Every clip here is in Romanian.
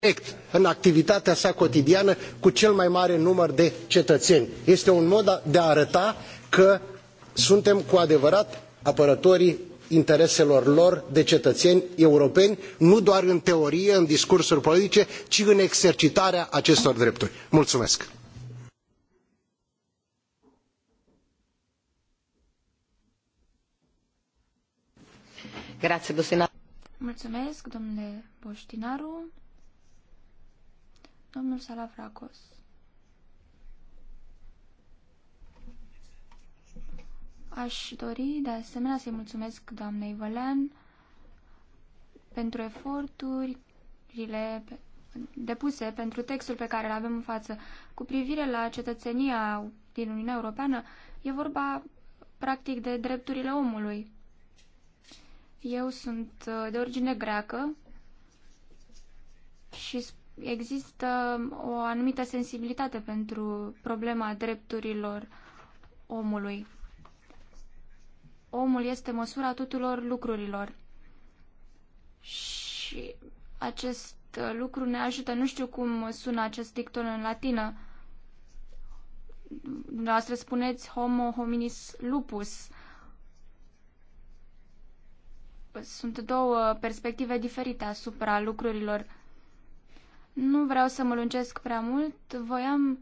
direct în activitatea sa cotidiană cu cel mai mare număr de cetățeni. Este un mod de a arăta că suntem cu adevărat apărătorii intereselor lor de cetățeni europeni, nu doar în teorie, în discursuri politice, ci în exercitarea acestor drepturi. Mulțumesc! Mulțumesc, domnule Boștinaru. Domnul Salafracos. Aș dori de asemenea să-i mulțumesc doamnei Vălean pentru eforturile depuse pentru textul pe care îl avem în față. Cu privire la cetățenia din Uniunea Europeană, e vorba practic de drepturile omului. Eu sunt uh, de origine greacă și există o anumită sensibilitate pentru problema drepturilor omului. Omul este măsura tuturor lucrurilor. Și acest lucru ne ajută, nu știu cum sună acest dicton în latină. Dumneavoastră spuneți homo hominis lupus. Sunt două perspective diferite asupra lucrurilor nu vreau să mă lungesc prea mult, voiam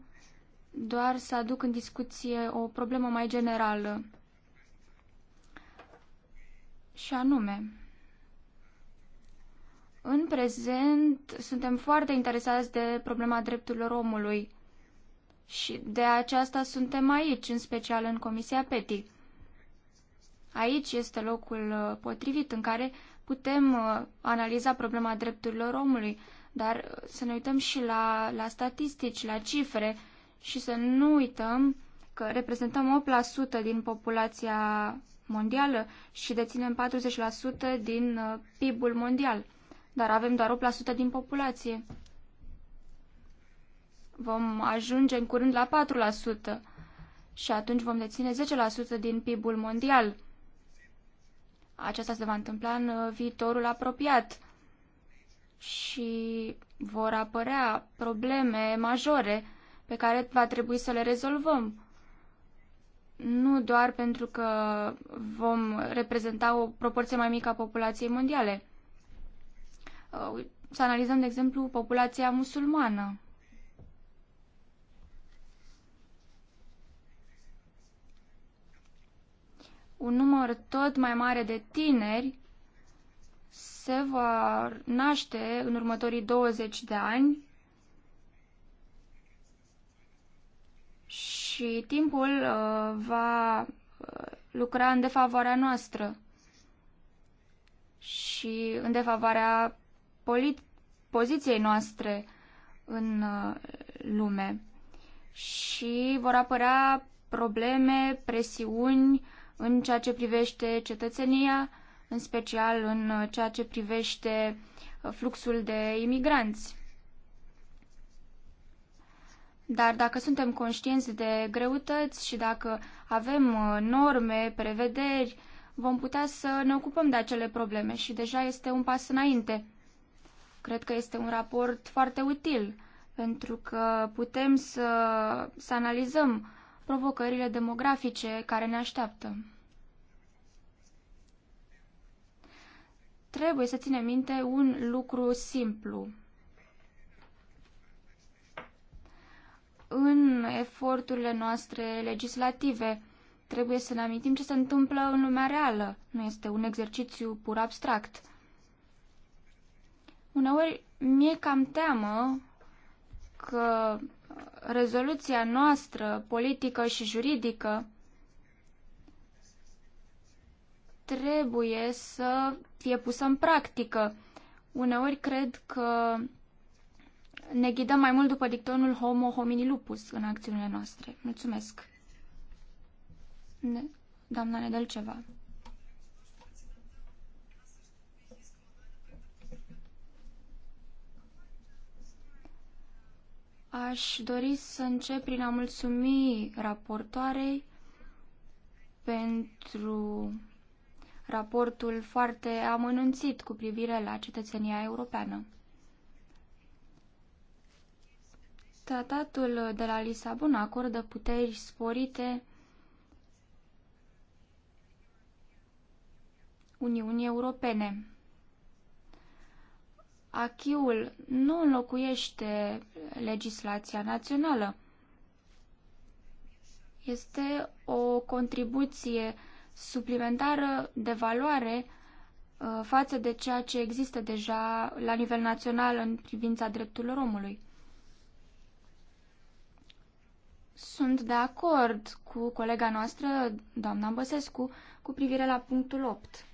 doar să aduc în discuție o problemă mai generală. Și anume, în prezent suntem foarte interesați de problema drepturilor omului și de aceasta suntem aici, în special în Comisia PETI. Aici este locul uh, potrivit în care putem uh, analiza problema drepturilor omului dar să ne uităm și la, la statistici, la cifre și să nu uităm că reprezentăm 8% din populația mondială și deținem 40% din uh, PIB-ul mondial, dar avem doar 8% din populație. Vom ajunge în curând la 4% și atunci vom deține 10% din PIB-ul mondial. Aceasta se va întâmpla în uh, viitorul apropiat și vor apărea probleme majore pe care va trebui să le rezolvăm. Nu doar pentru că vom reprezenta o proporție mai mică a populației mondiale. Uh, să analizăm, de exemplu, populația musulmană. Un număr tot mai mare de tineri se va naște în următorii 20 de ani și timpul uh, va uh, lucra în defavoarea noastră și în defavoarea polit- poziției noastre în uh, lume. Și vor apărea probleme, presiuni în ceea ce privește cetățenia, în special în uh, ceea ce privește uh, fluxul de imigranți. Dar dacă suntem conștienți de greutăți și dacă avem uh, norme, prevederi, vom putea să ne ocupăm de acele probleme și deja este un pas înainte. Cred că este un raport foarte util pentru că putem să, să analizăm provocările demografice care ne așteaptă. trebuie să ținem minte un lucru simplu. În eforturile noastre legislative trebuie să ne amintim ce se întâmplă în lumea reală. Nu este un exercițiu pur abstract. Uneori mi-e cam teamă că rezoluția noastră politică și juridică trebuie să fie pusă în practică. Uneori cred că ne ghidăm mai mult după dictonul homo homini lupus în acțiunile noastre. Mulțumesc. Ne, doamna ceva. Aș dori să încep prin a mulțumi raportoarei pentru raportul foarte amănunțit cu privire la cetățenia europeană. Tratatul de la Lisabon acordă puteri sporite Uniunii Europene. Achiul nu înlocuiește legislația națională. Este o contribuție suplimentară de valoare uh, față de ceea ce există deja la nivel național în privința drepturilor omului. Sunt de acord cu colega noastră, doamna Băsescu, cu privire la punctul 8.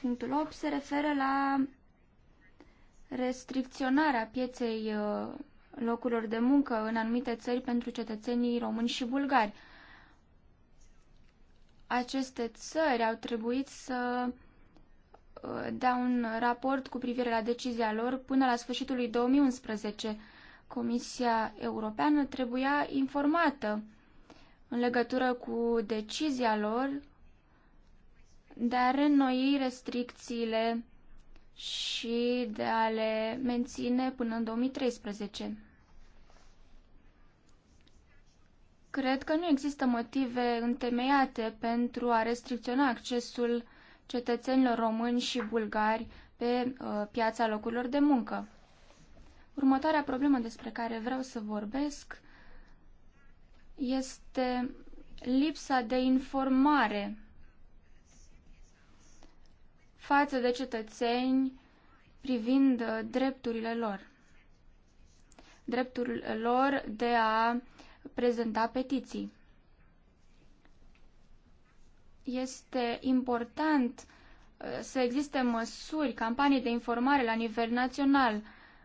Punctul 8 se referă la restricționarea pieței uh, locurilor de muncă în anumite țări pentru cetățenii români și bulgari aceste țări au trebuit să uh, dea un raport cu privire la decizia lor până la sfârșitul lui 2011. Comisia Europeană trebuia informată în legătură cu decizia lor de a reînnoi restricțiile și de a le menține până în 2013. Cred că nu există motive întemeiate pentru a restricționa accesul cetățenilor români și bulgari pe uh, piața locurilor de muncă. Următoarea problemă despre care vreau să vorbesc este lipsa de informare față de cetățeni privind uh, drepturile lor. Dreptul lor de a prezenta petiții. Este important uh, să existe măsuri, campanii de informare la nivel național,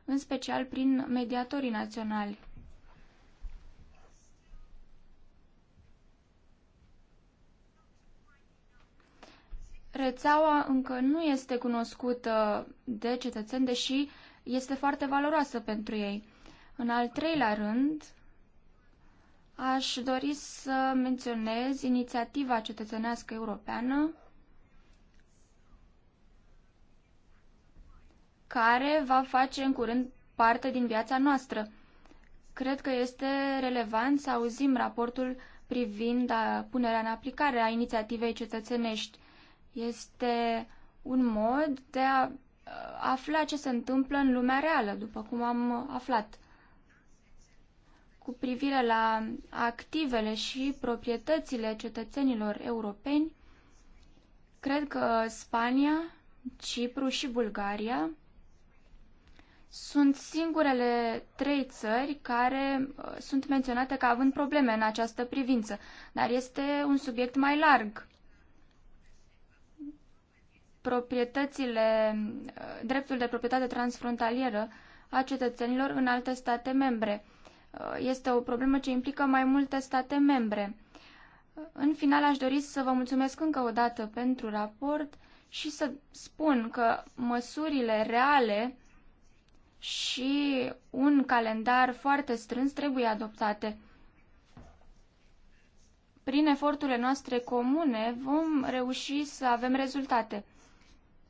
în special prin mediatorii naționali. Rețeaua încă nu este cunoscută de cetățeni, deși este foarte valoroasă pentru ei. În al treilea rând, Aș dori să menționez inițiativa cetățenească europeană care va face în curând parte din viața noastră. Cred că este relevant să auzim raportul privind uh, punerea în aplicare a inițiativei cetățenești. Este un mod de a uh, afla ce se întâmplă în lumea reală, după cum am uh, aflat cu privire la activele și proprietățile cetățenilor europeni, cred că Spania, Cipru și Bulgaria sunt singurele trei țări care uh, sunt menționate ca având probleme în această privință, dar este un subiect mai larg. Proprietățile, uh, dreptul de proprietate transfrontalieră a cetățenilor în alte state membre. Uh, este o problemă ce implică mai multe state membre. În final, aș dori să vă mulțumesc încă o dată pentru raport și să spun că măsurile reale și un calendar foarte strâns trebuie adoptate. Prin eforturile noastre comune vom reuși să avem rezultate.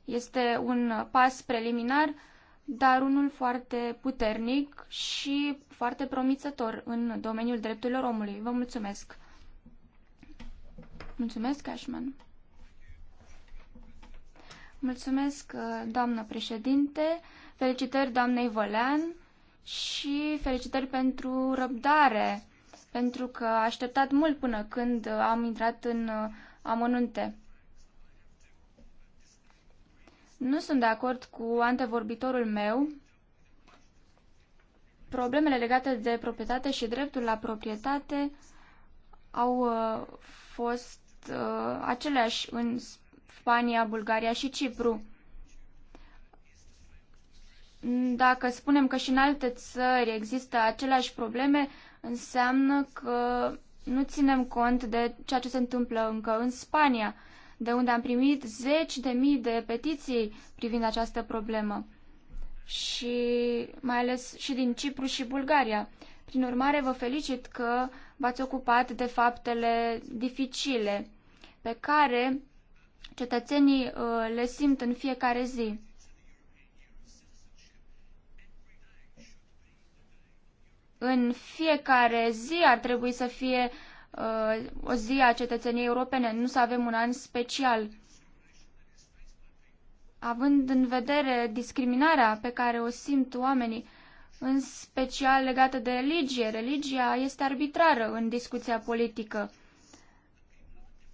Este un pas preliminar dar unul foarte puternic și foarte promițător în domeniul drepturilor omului. Vă mulțumesc! Mulțumesc, Cashman! Mulțumesc, uh, doamnă președinte, felicitări doamnei Volean și felicitări pentru răbdare, pentru că a așteptat mult până când am intrat în uh, amănunte. Nu sunt de acord cu antevorbitorul meu. Problemele legate de proprietate și dreptul la proprietate au uh, fost uh, aceleași în Spania, Bulgaria și Cipru. Dacă spunem că și în alte țări există aceleași probleme, înseamnă că nu ținem cont de ceea ce se întâmplă încă în Spania de unde am primit zeci de mii de petiții privind această problemă și mai ales și din Cipru și Bulgaria. Prin urmare, vă felicit că v-ați ocupat de faptele dificile pe care cetățenii uh, le simt în fiecare zi. În fiecare zi ar trebui să fie Uh, o zi a cetățeniei europene, nu să avem un an special. Având în vedere discriminarea pe care o simt oamenii, în special legată de religie, religia este arbitrară în discuția politică.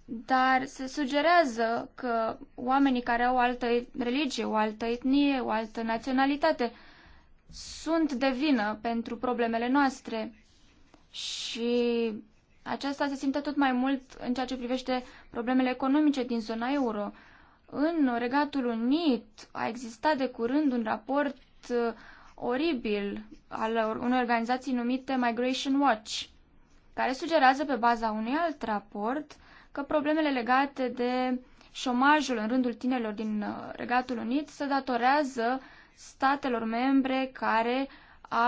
Dar se sugerează că oamenii care au o altă religie, o altă etnie, o altă naționalitate sunt de vină pentru problemele noastre. Și aceasta se simte tot mai mult în ceea ce privește problemele economice din zona euro. În Regatul Unit a existat de curând un raport uh, oribil al unei organizații numite Migration Watch, care sugerează pe baza unui alt raport că problemele legate de șomajul în rândul tinerilor din uh, Regatul Unit se datorează statelor membre care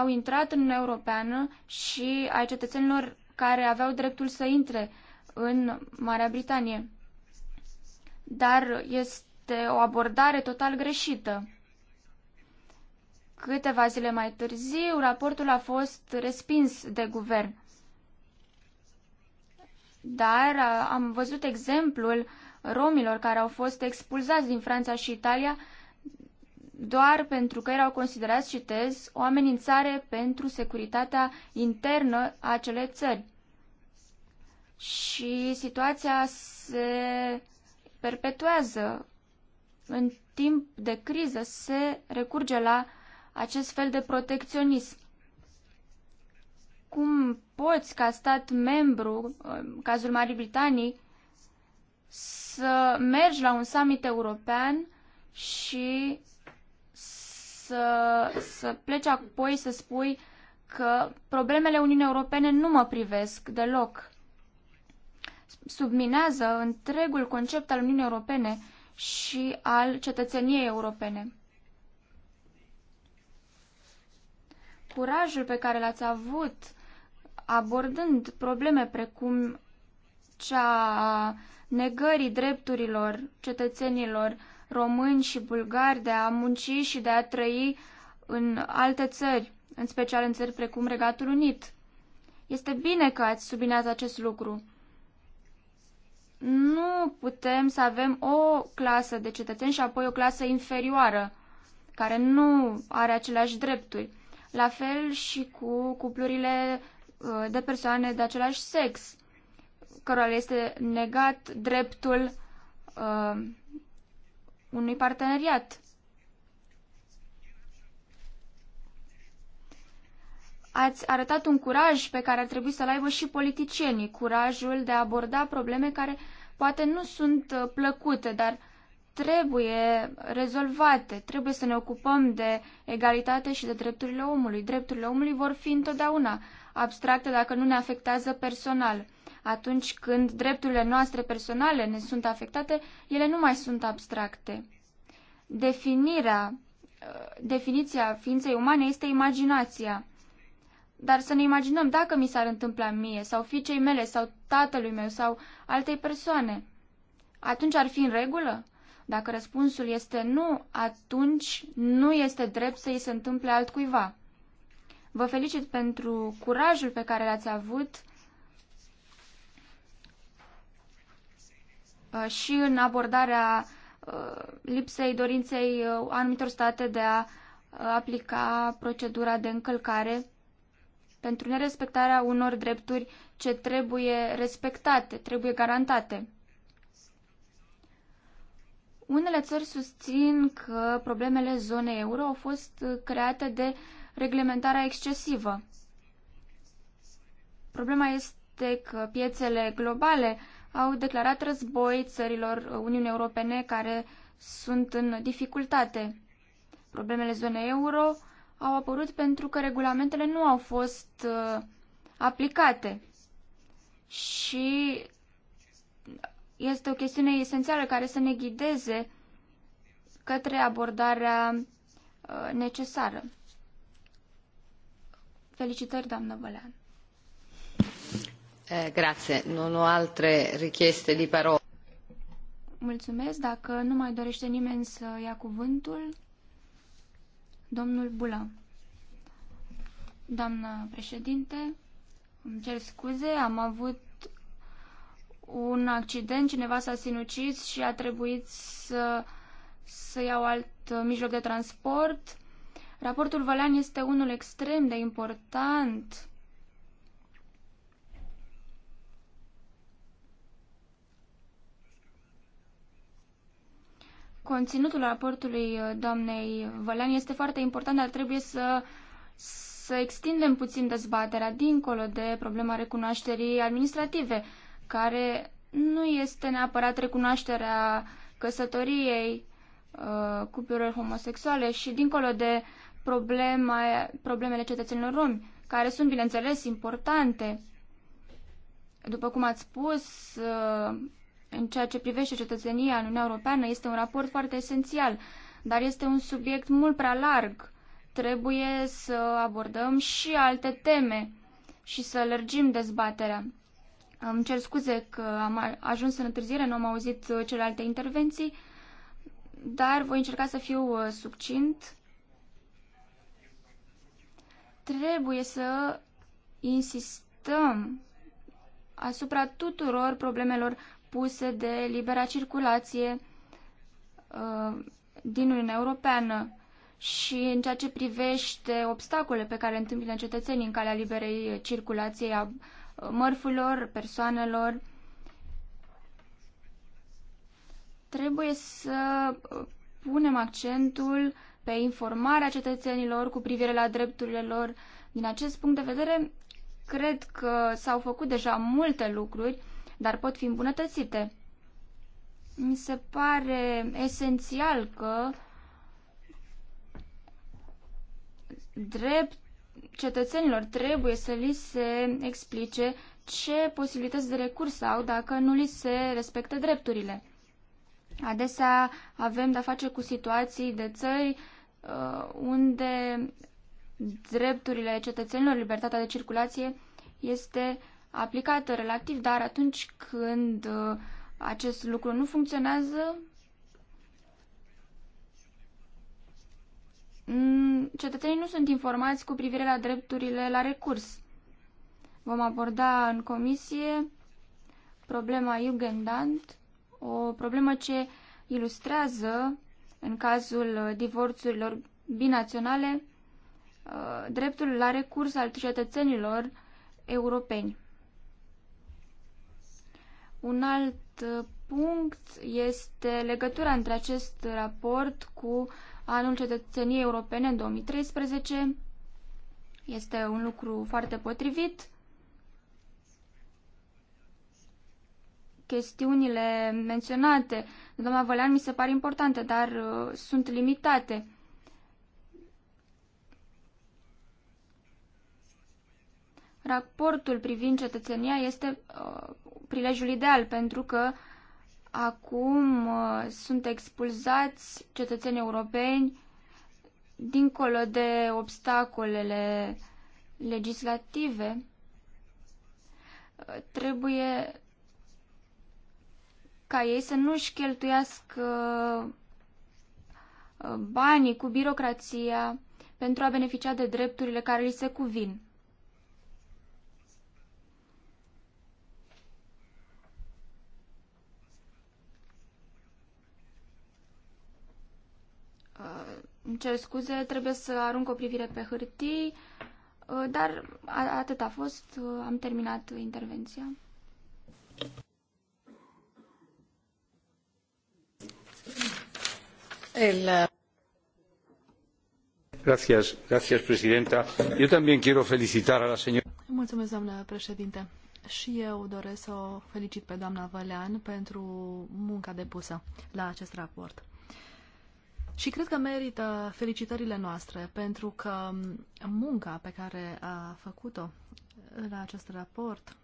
au intrat în Uniunea Europeană și ai cetățenilor care aveau dreptul să intre în Marea Britanie. Dar este o abordare total greșită. Câteva zile mai târziu, raportul a fost respins de guvern. Dar am văzut exemplul romilor care au fost expulzați din Franța și Italia doar pentru că erau considerați, citez, o amenințare pentru securitatea internă a acelei țări. Și situația se perpetuează. În timp de criză se recurge la acest fel de protecționism. Cum poți, ca stat membru, în cazul Marii Britanii, să mergi la un summit european și să, să pleci apoi să spui că problemele Uniunii Europene nu mă privesc deloc. Subminează întregul concept al Uniunii Europene și al cetățeniei europene. Curajul pe care l-ați avut abordând probleme precum cea negării drepturilor cetățenilor români și bulgari de a munci și de a trăi în alte țări, în special în țări precum Regatul Unit. Este bine că ați subliniat acest lucru. Nu putem să avem o clasă de cetățeni și apoi o clasă inferioară, care nu are aceleași drepturi. La fel și cu cuplurile uh, de persoane de același sex, cărora este negat dreptul uh, unui parteneriat. Ați arătat un curaj pe care ar trebui să-l aibă și politicienii, curajul de a aborda probleme care poate nu sunt uh, plăcute, dar trebuie rezolvate. Trebuie să ne ocupăm de egalitate și de drepturile omului. Drepturile omului vor fi întotdeauna abstracte dacă nu ne afectează personal. Atunci când drepturile noastre personale ne sunt afectate, ele nu mai sunt abstracte. Definirea, uh, definiția ființei umane este imaginația. Dar să ne imaginăm dacă mi s-ar întâmpla mie sau fiicei mele sau tatălui meu sau altei persoane. Atunci ar fi în regulă? Dacă răspunsul este nu, atunci nu este drept să îi se întâmple altcuiva. Vă felicit pentru curajul pe care l-ați avut Uh, și în abordarea uh, lipsei dorinței uh, anumitor state de a aplica procedura de încălcare pentru nerespectarea unor drepturi ce trebuie respectate, trebuie garantate. Unele țări susțin că problemele zonei euro au fost create de reglementarea excesivă. Problema este că piețele globale uh, au declarat război țărilor Uniunii Europene care sunt în dificultate. Problemele zonei euro au apărut pentru că regulamentele nu au fost uh, aplicate. Și este o chestiune esențială care să ne ghideze către abordarea uh, necesară. Felicitări, doamnă Bălean! Eh, grazie. Non ho altre richieste di parola. Mulțumesc. Dacă nu mai dorește nimeni să ia cuvântul, domnul Bulan. Doamnă președinte, îmi cer scuze, am avut un accident, cineva s-a sinucis și a trebuit să, să iau alt mijloc de transport. Raportul Vălean este unul extrem de important Conținutul raportului uh, doamnei Vălean este foarte important, dar trebuie să, să extindem puțin dezbaterea dincolo de problema recunoașterii administrative, care nu este neapărat recunoașterea căsătoriei uh, cuplurilor homosexuale și dincolo de problema, problemele cetățenilor romi, care sunt, bineînțeles, importante. După cum ați spus, uh, în ceea ce privește cetățenia în Uniunea Europeană este un raport foarte esențial, dar este un subiect mult prea larg. Trebuie să abordăm și alte teme și să lărgim dezbaterea. Îmi cer scuze că am ajuns în întârziere, nu am auzit uh, celelalte intervenții, dar voi încerca să fiu uh, succint. Trebuie să insistăm asupra tuturor problemelor puse de libera circulație uh, din Uniunea Europeană și în ceea ce privește obstacole pe care întâmpină cetățenii în calea liberei circulației a mărfurilor, persoanelor, trebuie să punem accentul pe informarea cetățenilor cu privire la drepturile lor. Din acest punct de vedere, cred că s-au făcut deja multe lucruri dar pot fi îmbunătățite. Mi se pare esențial că drept cetățenilor trebuie să li se explice ce posibilități de recurs au dacă nu li se respectă drepturile. Adesea avem de-a face cu situații de țări uh, unde drepturile cetățenilor, libertatea de circulație este aplicată relativ, dar atunci când uh, acest lucru nu funcționează, mm, cetățenii nu sunt informați cu privire la drepturile la recurs. Vom aborda în comisie problema Jugendant, o problemă ce ilustrează, în cazul uh, divorțurilor binaționale, uh, dreptul la recurs al cetățenilor europeni. Un alt uh, punct este legătura între acest raport cu anul cetățeniei europene în 2013. Este un lucru foarte potrivit. Chestiunile menționate doamna Vălean mi se par importante, dar uh, sunt limitate. Raportul privind cetățenia este uh, prilejul ideal pentru că acum uh, sunt expulzați cetățeni europeni dincolo de obstacolele legislative. Uh, trebuie ca ei să nu-și cheltuiască uh, banii cu birocrația pentru a beneficia de drepturile care li se cuvin. Îmi cer scuze, trebuie să arunc o privire pe hârtii, uh, dar atât a fost, uh, am terminat intervenția. El... Uh, gracias, gracias, presidenta. Eu también quiero felicitar a la señora. Mulțumesc, doamnă președinte. Și eu doresc să o felicit pe doamna Vălean pentru munca depusă la acest raport. Și cred că merită felicitările noastre pentru că munca pe care a făcut-o la acest raport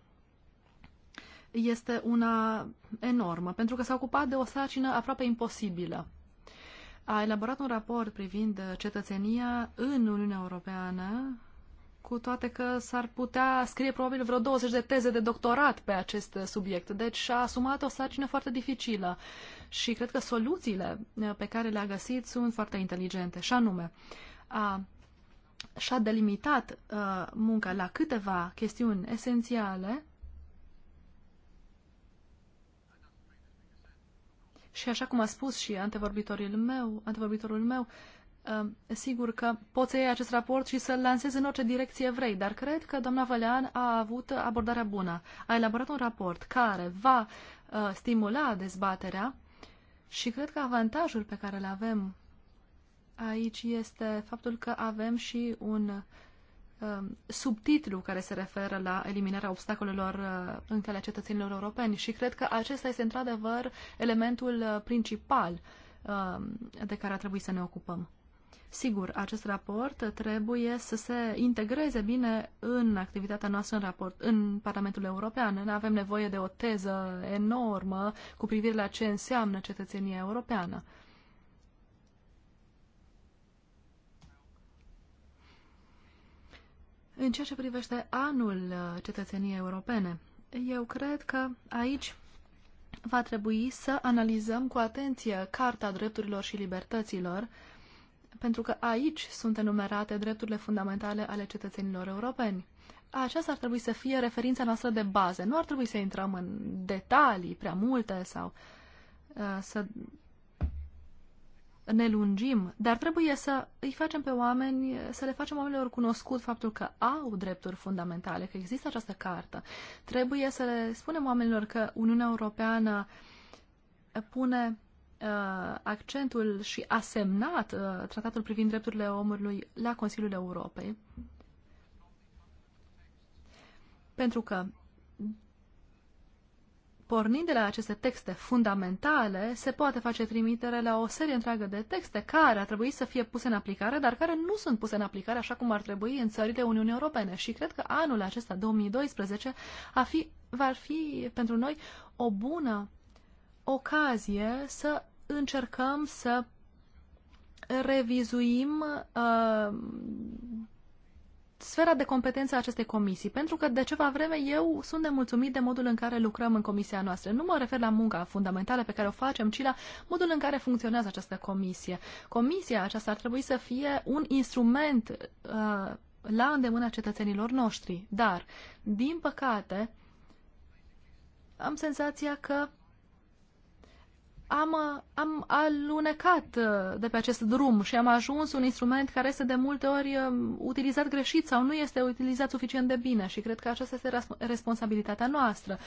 este una enormă, pentru că s-a ocupat de o sarcină aproape imposibilă. A elaborat un raport privind cetățenia în Uniunea Europeană cu toate că s-ar putea scrie probabil vreo 20 de teze de doctorat pe acest subiect. Deci a asumat o sarcină foarte dificilă și cred că soluțiile eh, pe care le-a găsit sunt foarte inteligente. Și anume, a, și-a delimitat a, eh, munca la câteva chestiuni esențiale și așa cum a spus și antevorbitorul meu, antevorbitorul meu Ehm, sigur că poți să iei acest raport și să-l lansezi în orice direcție vrei, dar cred că doamna Vălean a avut abordarea bună. A elaborat un raport care va eh, stimula dezbaterea și cred că avantajul pe care îl avem aici este faptul că avem și un ehm, subtitlu care se referă la eliminarea obstacolelor eh, în calea cetățenilor europeni și cred că acesta este într-adevăr elementul eh, principal ehm, de care ar trebui să ne ocupăm. Sigur, acest raport trebuie să se integreze bine în activitatea noastră în, raport, în Parlamentul European. Ne avem nevoie de o teză enormă cu privire la ce înseamnă cetățenia europeană. În ceea ce privește anul cetățeniei europene, eu cred că aici va trebui să analizăm cu atenție Carta Drepturilor și Libertăților, pentru că aici sunt enumerate drepturile fundamentale ale cetățenilor europeni. Aceasta ar trebui să fie referința noastră de bază. Nu ar trebui să intrăm în detalii prea multe sau uh, să ne lungim, dar trebuie să îi facem pe oameni, să le facem oamenilor cunoscut faptul că au drepturi fundamentale, că există această cartă. Trebuie să le spunem oamenilor că Uniunea Europeană pune Uh, accentul și a semnat uh, tratatul privind drepturile omului la Consiliul Europei. Pentru că pornind de la aceste texte fundamentale, se poate face trimitere la o serie întreagă de texte care ar trebui să fie puse în aplicare, dar care nu sunt puse în aplicare așa cum ar trebui în țările Uniunii Europene. Și cred că anul acesta, 2012, a fi, va fi pentru noi o bună ocazie să încercăm să revizuim uh, sfera de competență a acestei comisii, pentru că de ceva vreme eu sunt nemulțumit de modul în care lucrăm în comisia noastră. Nu mă refer la munca fundamentală pe care o facem, ci la modul în care funcționează această comisie. Comisia aceasta ar trebui să fie un instrument uh, la îndemâna cetățenilor noștri, dar, din păcate, am senzația că am, uh, am alunecat uh, de pe acest drum și am ajuns un instrument care este de multe ori uh, utilizat greșit sau nu este utilizat suficient de bine și cred că aceasta este responsabilitatea noastră.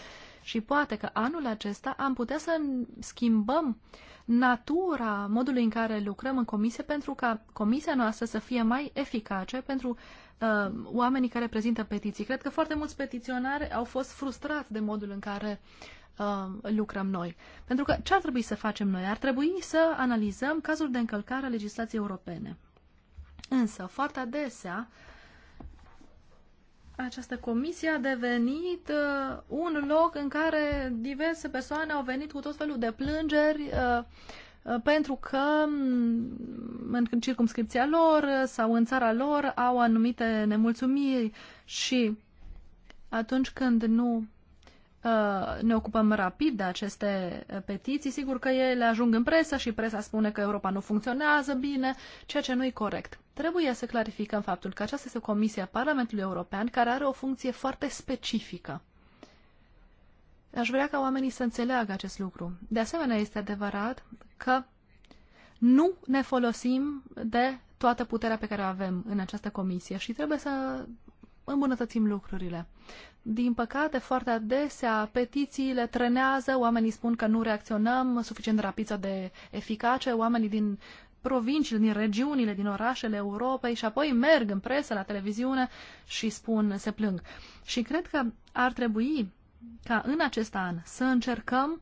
Și poate că anul acesta am putea să schimbăm natura modului în care lucrăm în comisie pentru ca comisia noastră să fie mai eficace pentru uh, oamenii care prezintă petiții. Cred că foarte mulți petiționari au fost frustrați de modul în care uh, lucrăm noi. Pentru că ce ar trebui să facem noi? Ar trebui să analizăm cazuri de încălcare a legislației europene. Însă, foarte adesea, această comisie a devenit uh, un loc în care diverse persoane au venit cu tot felul de plângeri uh, uh pentru că în circumscripția lor sau în țara lor au anumite nemulțumiri și atunci când nu Uh, ne ocupăm rapid de aceste uh, petiții. Sigur că ele ajung în presă și presa spune că Europa nu funcționează bine, ceea ce nu e corect. Trebuie să clarificăm faptul că aceasta este o comisie a Parlamentului European care are o funcție foarte specifică. Aș vrea ca oamenii să înțeleagă acest lucru. De asemenea, este adevărat că nu ne folosim de toată puterea pe care o avem în această comisie și trebuie să îmbunătățim lucrurile din păcate, foarte adesea petițiile trenează, oamenii spun că nu reacționăm suficient rapid sau de eficace, oamenii din provinciile, din regiunile, din orașele Europei și apoi merg în presă, la televiziune și spun, se plâng. Și cred că ar trebui ca în acest an să încercăm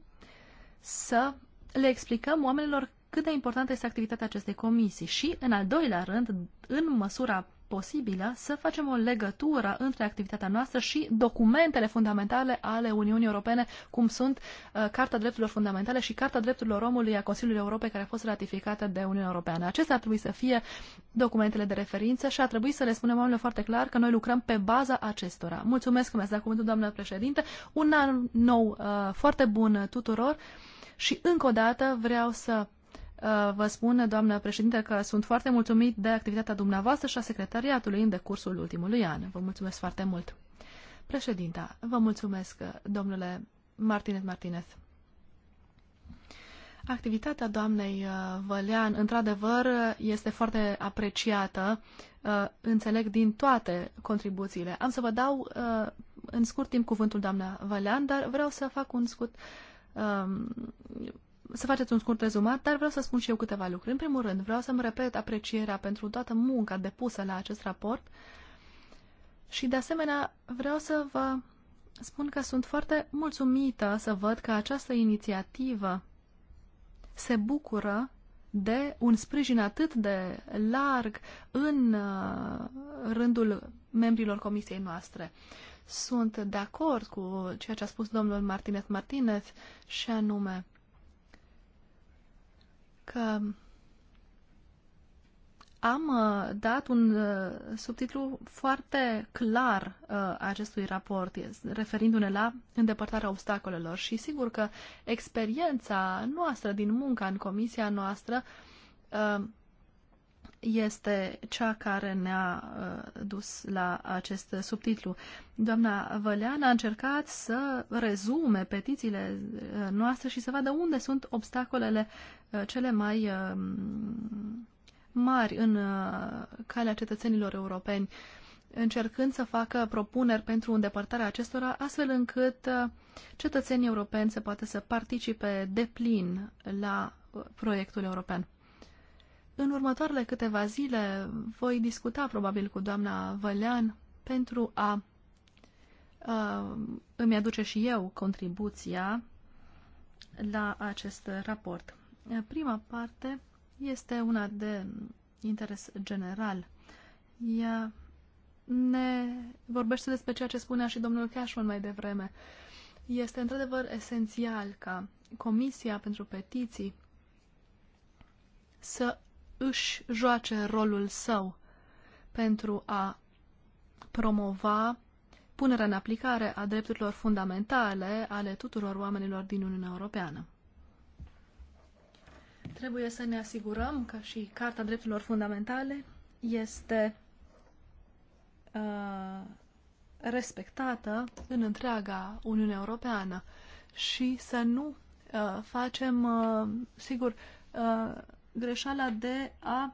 să le explicăm oamenilor cât de importantă este activitatea acestei comisii și, în al doilea rând, în măsura posibilă să facem o legătură între activitatea noastră și documentele fundamentale ale Uniunii Europene, cum sunt uh, Carta Drepturilor Fundamentale și Carta Drepturilor Omului a Consiliului Europei, care a fost ratificată de Uniunea Europeană. Acestea ar trebui să fie documentele de referință și ar trebui să le spunem oamenilor foarte clar că noi lucrăm pe baza acestora. Mulțumesc că mi-ați dat cuvântul, doamnă președinte. Un an nou uh, foarte bun tuturor și încă o dată vreau să Uh, vă spun, doamnă președinte, că sunt foarte mulțumit de activitatea dumneavoastră și a secretariatului în decursul ultimului an. Vă mulțumesc foarte mult. Președinta, vă mulțumesc, domnule Martinez Martinez. Activitatea doamnei uh, Vălean, într-adevăr, este foarte apreciată. Uh, înțeleg din toate contribuțiile. Am să vă dau în scurt timp cuvântul doamna Vălean, dar vreau să fac un scurt um, să faceți un scurt rezumat, dar vreau să spun și eu câteva lucruri. În primul rând, vreau să-mi repet aprecierea pentru toată munca depusă la acest raport și, de asemenea, vreau să vă spun că sunt foarte mulțumită să văd că această inițiativă se bucură de un sprijin atât de larg în uh, rândul membrilor comisiei noastre. Sunt de acord cu ceea ce a spus domnul Martinez Martinez și anume că am uh, dat un uh, subtitlu foarte clar uh, acestui raport, referindu-ne la îndepărtarea obstacolelor. Și sigur că experiența noastră din munca în comisia noastră este cea care ne-a uh, dus la acest subtitlu. Doamna Vălean a încercat să rezume petițiile uh, noastre și să vadă unde sunt obstacolele uh, cele mai um, mari în calea cetățenilor europeni, încercând să facă propuneri pentru îndepărtarea acestora, astfel încât cetățenii europeni să poată să participe deplin la proiectul european. În următoarele câteva zile voi discuta probabil cu doamna Vălean pentru a uh, îmi aduce și eu contribuția la acest raport. Prima parte este una de interes general. Ea ne vorbește despre ceea ce spunea și domnul Cashman mai devreme. Este într-adevăr esențial ca Comisia pentru Petiții să își joace rolul său pentru a promova punerea în aplicare a drepturilor fundamentale ale tuturor oamenilor din Uniunea Europeană. Trebuie să ne asigurăm că și Carta Drepturilor Fundamentale este uh, respectată în întreaga Uniune Europeană și să nu uh, facem, uh, sigur, uh, greșeala de a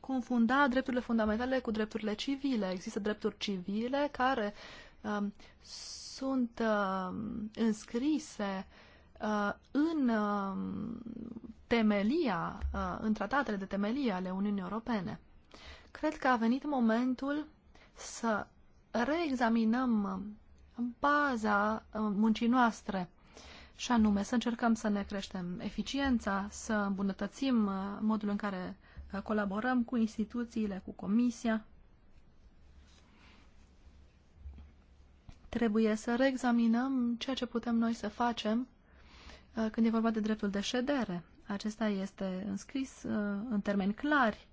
confunda drepturile fundamentale cu drepturile civile. Există drepturi civile care um, sunt um, înscrise uh, în um, temelia, uh, în tratatele de temelie ale Uniunii Europene. Cred că a venit momentul să reexaminăm baza uh, muncii noastre și anume să încercăm să ne creștem eficiența, să îmbunătățim uh, modul în care uh, colaborăm cu instituțiile, cu comisia. Trebuie să reexaminăm ceea ce putem noi să facem uh, când e vorba de dreptul de ședere. Acesta este înscris în termeni clari,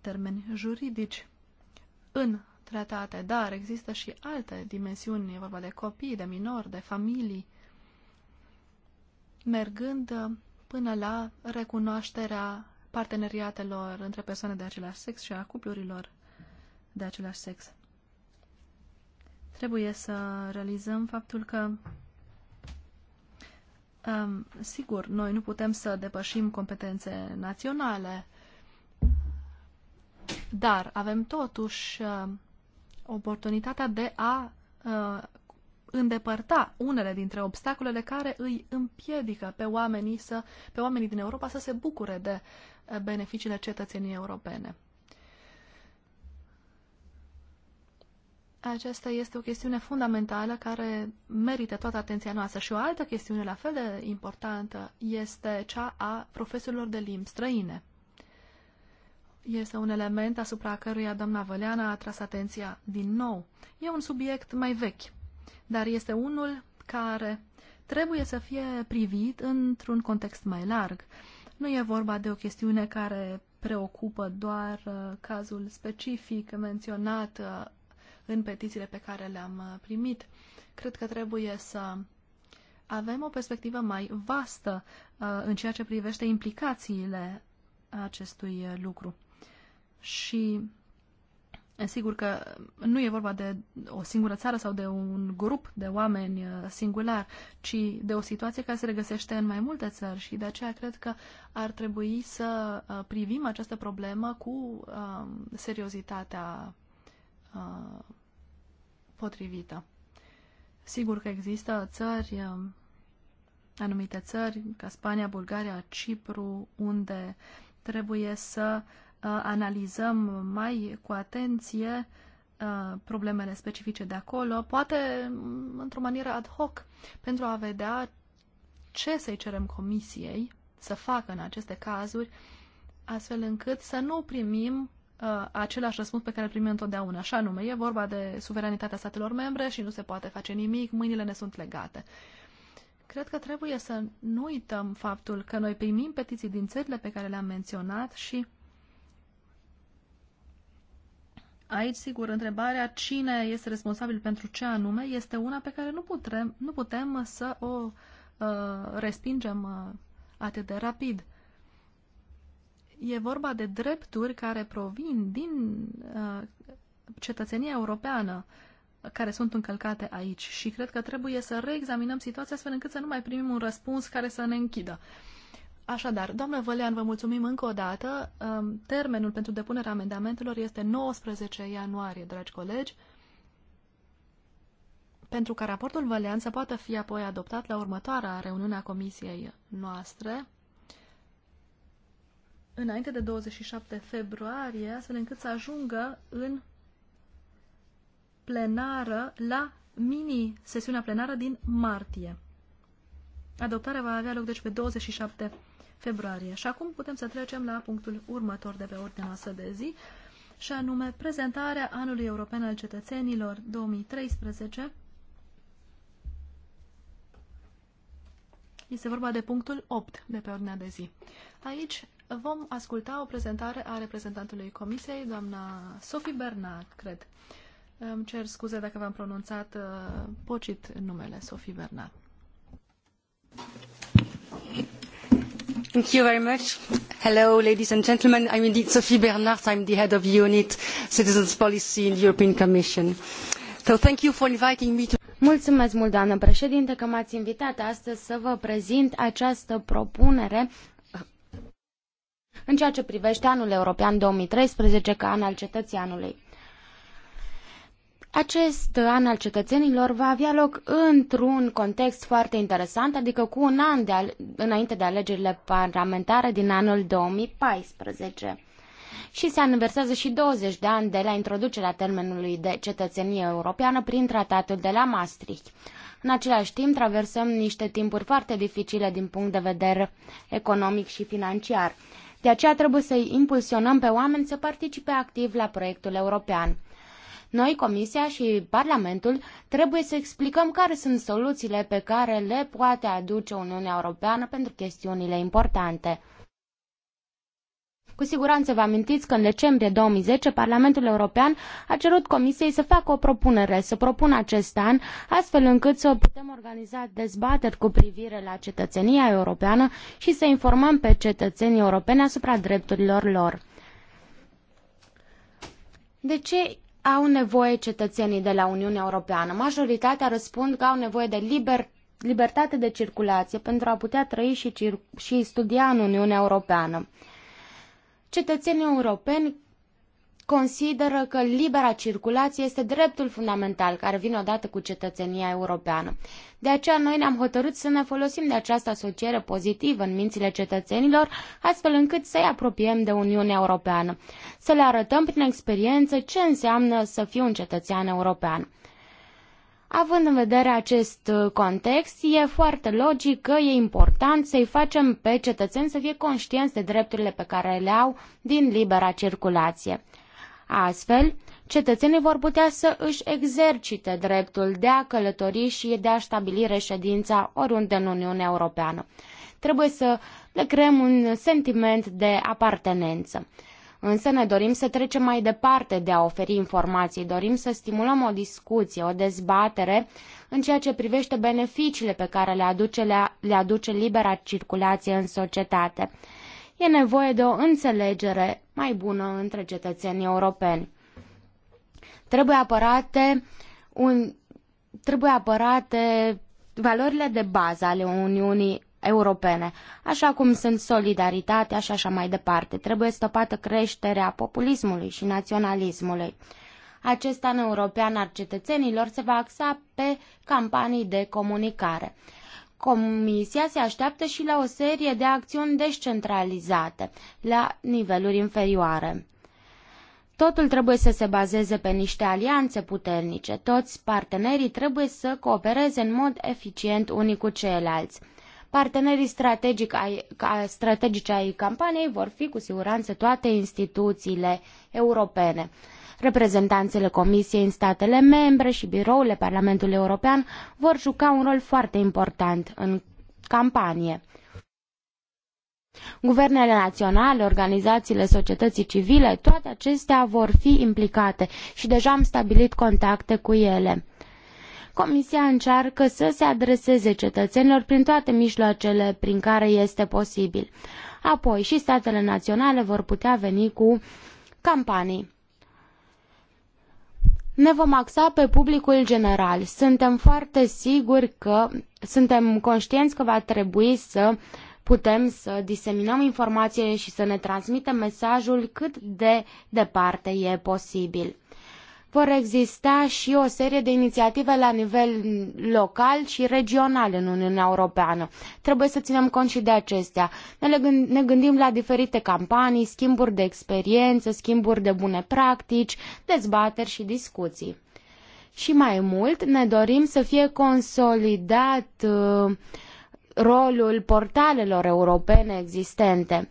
termeni juridici, în tratate, dar există și alte dimensiuni, e vorba de copii, de minori, de familii, mergând uh, până la recunoașterea parteneriatelor între persoane de același sex și a cuplurilor de același sex. Trebuie să realizăm faptul că Um, sigur, noi nu putem să depășim competențe naționale, dar avem totuși uh, oportunitatea de a uh, îndepărta unele dintre obstacolele care îi împiedică pe oamenii, să, pe oamenii din Europa să se bucure de eh, beneficiile cetățenii europene. Aceasta este o chestiune fundamentală care merită toată atenția noastră și o altă chestiune la fel de importantă este cea a profesorilor de limbi străine. Este un element asupra căruia doamna Văleana a tras atenția din nou. E un subiect mai vechi dar este unul care trebuie să fie privit într-un context mai larg. Nu e vorba de o chestiune care preocupă doar uh, cazul specific menționat uh, în petițiile pe care le-am uh, primit. Cred că trebuie să avem o perspectivă mai vastă în ceea ce privește implicațiile acestui lucru. Și Sigur că nu e vorba de o singură țară sau de un grup de oameni uh, singular, ci de o situație care se regăsește în mai multe țări și de aceea cred că ar trebui să uh, privim această problemă cu um, seriozitatea uh, potrivită. Sigur că există țări, um, anumite țări, ca Spania, Bulgaria, Cipru, unde trebuie să Uh, analizăm mai cu atenție uh, problemele specifice de acolo, poate mm, într-o manieră ad hoc, pentru a vedea ce să-i cerem comisiei să facă în aceste cazuri, astfel încât să nu primim uh, același răspuns pe care îl primim întotdeauna. Așa nume, e vorba de suveranitatea statelor membre și nu se poate face nimic, mâinile ne sunt legate. Cred că trebuie să nu uităm faptul că noi primim petiții din țările pe care le-am menționat și uh, Aici, sigur, întrebarea cine este responsabil pentru ce anume este una pe care nu putem, nu putem să o uh, respingem uh, atât de rapid. E vorba de drepturi care provin din uh, cetățenia europeană care sunt încălcate aici și cred că trebuie să reexaminăm situația astfel încât să nu mai primim un răspuns care să ne închidă. Uh, Așadar, doamnă Vălean, vă mulțumim încă o dată. Um, termenul pentru depunerea amendamentelor este 19 ianuarie, dragi colegi, pentru ca raportul Vălean să poată fi apoi adoptat la următoarea reuniune a comisiei noastre, înainte de 27 februarie, astfel încât să ajungă în plenară la mini-sesiunea plenară din martie. Adoptarea va avea loc deci pe 27 februarie. Și acum putem să trecem la punctul următor de pe ordinea noastră de zi, și anume prezentarea Anului European al Cetățenilor 2013. Este vorba de punctul 8 de pe ordinea de zi. Aici vom asculta o prezentare a reprezentantului Comisiei, doamna Sophie Bernard, cred. Îmi cer scuze dacă v-am pronunțat uh, pocit numele Sophie Bernard indeed Sophie Bernard. the head of unit Citizens Policy in the European Commission. Mulțumesc mult, doamnă președinte, că m-ați invitat astăzi să vă prezint această propunere în ceea ce privește anul european 2013 ca an al cetății anului. Acest an al cetățenilor va avea loc într-un context foarte interesant, adică cu un an de al- înainte de alegerile parlamentare din anul 2014. Și se aniversează și 20 de ani de la introducerea termenului de cetățenie europeană prin tratatul de la Maastricht. În același timp, traversăm niște timpuri foarte dificile din punct de vedere economic și financiar. De aceea trebuie să-i impulsionăm pe oameni să participe activ la proiectul european. Noi, Comisia și Parlamentul, trebuie să explicăm care sunt soluțiile pe care le poate aduce Uniunea Europeană pentru chestiunile importante. Cu siguranță vă amintiți că în decembrie 2010 Parlamentul European a cerut Comisiei să facă o propunere, să propună acest an, astfel încât să putem organiza dezbateri cu privire la cetățenia europeană și să informăm pe cetățenii europeni asupra drepturilor lor. De ce au nevoie cetățenii de la Uniunea Europeană. Majoritatea răspund că au nevoie de liber, libertate de circulație pentru a putea trăi și, și studia în Uniunea Europeană. Cetățenii europeni consideră că libera circulație este dreptul fundamental care vine odată cu cetățenia europeană. De aceea noi ne-am hotărât să ne folosim de această asociere pozitivă în mințile cetățenilor, astfel încât să-i apropiem de Uniunea Europeană, să le arătăm prin experiență ce înseamnă să fii un cetățean european. Având în vedere acest uh, context, e foarte logic că e important să-i facem pe cetățeni să fie conștienți de drepturile pe care le au din libera circulație. Astfel, cetățenii vor putea să își exercite dreptul de a călători și de a stabili reședința oriunde în Uniunea Europeană. Trebuie să le creăm un sentiment de apartenență. Însă ne dorim să trecem mai departe de a oferi informații, dorim să stimulăm o discuție, o dezbatere în ceea ce privește beneficiile pe care le aduce, le, le aduce libera circulație în societate. E nevoie de o înțelegere mai bună între cetățenii europeni. Trebuie apărate, un, trebuie apărate valorile de bază ale Uniunii europene, așa cum sunt solidaritatea și așa mai departe. Trebuie stopată creșterea populismului și naționalismului. Acest an european al cetățenilor se va axa pe campanii de comunicare. Comisia se așteaptă și la o serie de acțiuni descentralizate, la niveluri inferioare. Totul trebuie să se bazeze pe niște alianțe puternice. Toți partenerii trebuie să coopereze în mod eficient unii cu ceilalți. Partenerii strategic ai, strategici ai campaniei vor fi cu siguranță toate instituțiile europene. Reprezentanțele Comisiei în statele membre și birourile Parlamentului European vor juca un rol foarte important în campanie. Guvernele naționale, organizațiile societății civile, toate acestea vor fi implicate și deja am stabilit contacte cu ele. Comisia încearcă să se adreseze cetățenilor prin toate mijloacele prin care este posibil. Apoi și statele naționale vor putea veni cu campanii. Ne vom axa pe publicul general. Suntem foarte siguri că suntem conștienți că va trebui să uh, putem să diseminăm informație și să ne transmitem mesajul cât de departe e posibil. Vor exista și o serie de inițiative la nivel local și regional în Uniunea Europeană. Trebuie să ținem cont și de acestea. Ne, gândim la diferite campanii, schimburi de experiență, schimburi de bune practici, dezbateri și discuții și mai mult ne dorim să fie consolidat uh, rolul portalelor europene existente.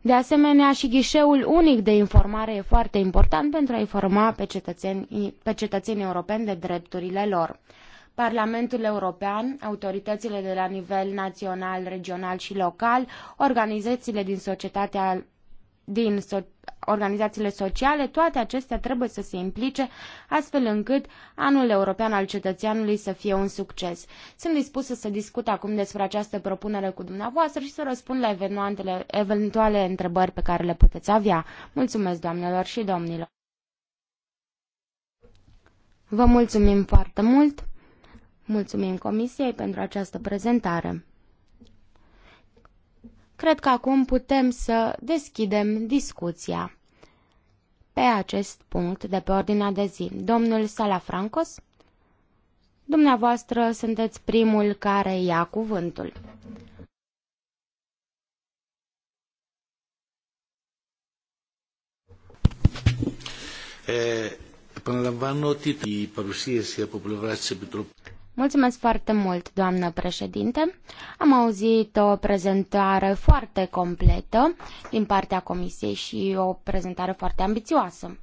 De asemenea, și ghișeul unic de informare e foarte important pentru a informa pe cetățenii, pe cetățenii europeni de drepturile lor. Parlamentul European, autoritățile de la nivel național, regional și local, organizațiile din societatea din so- organizațiile sociale, toate acestea trebuie să se implice astfel încât anul european al cetățeanului să fie un succes. Sunt dispusă să discut acum despre această propunere cu dumneavoastră și să răspund la eventuale întrebări pe care le puteți avea. Mulțumesc, doamnelor și domnilor! Vă mulțumim foarte mult! Mulțumim Comisiei pentru această prezentare! Cred că acum putem să deschidem discuția pe acest punct de pe ordinea de zi. Domnul Salafrancos, dumneavoastră sunteți primul care ia cuvântul. Επαναλαμβάνω ότι η παρουσίαση από πλευρά τη Επιτροπή. Mulțumesc foarte mult, doamnă președinte. Am auzit o prezentare foarte completă din partea Comisiei și o prezentare foarte ambițioasă.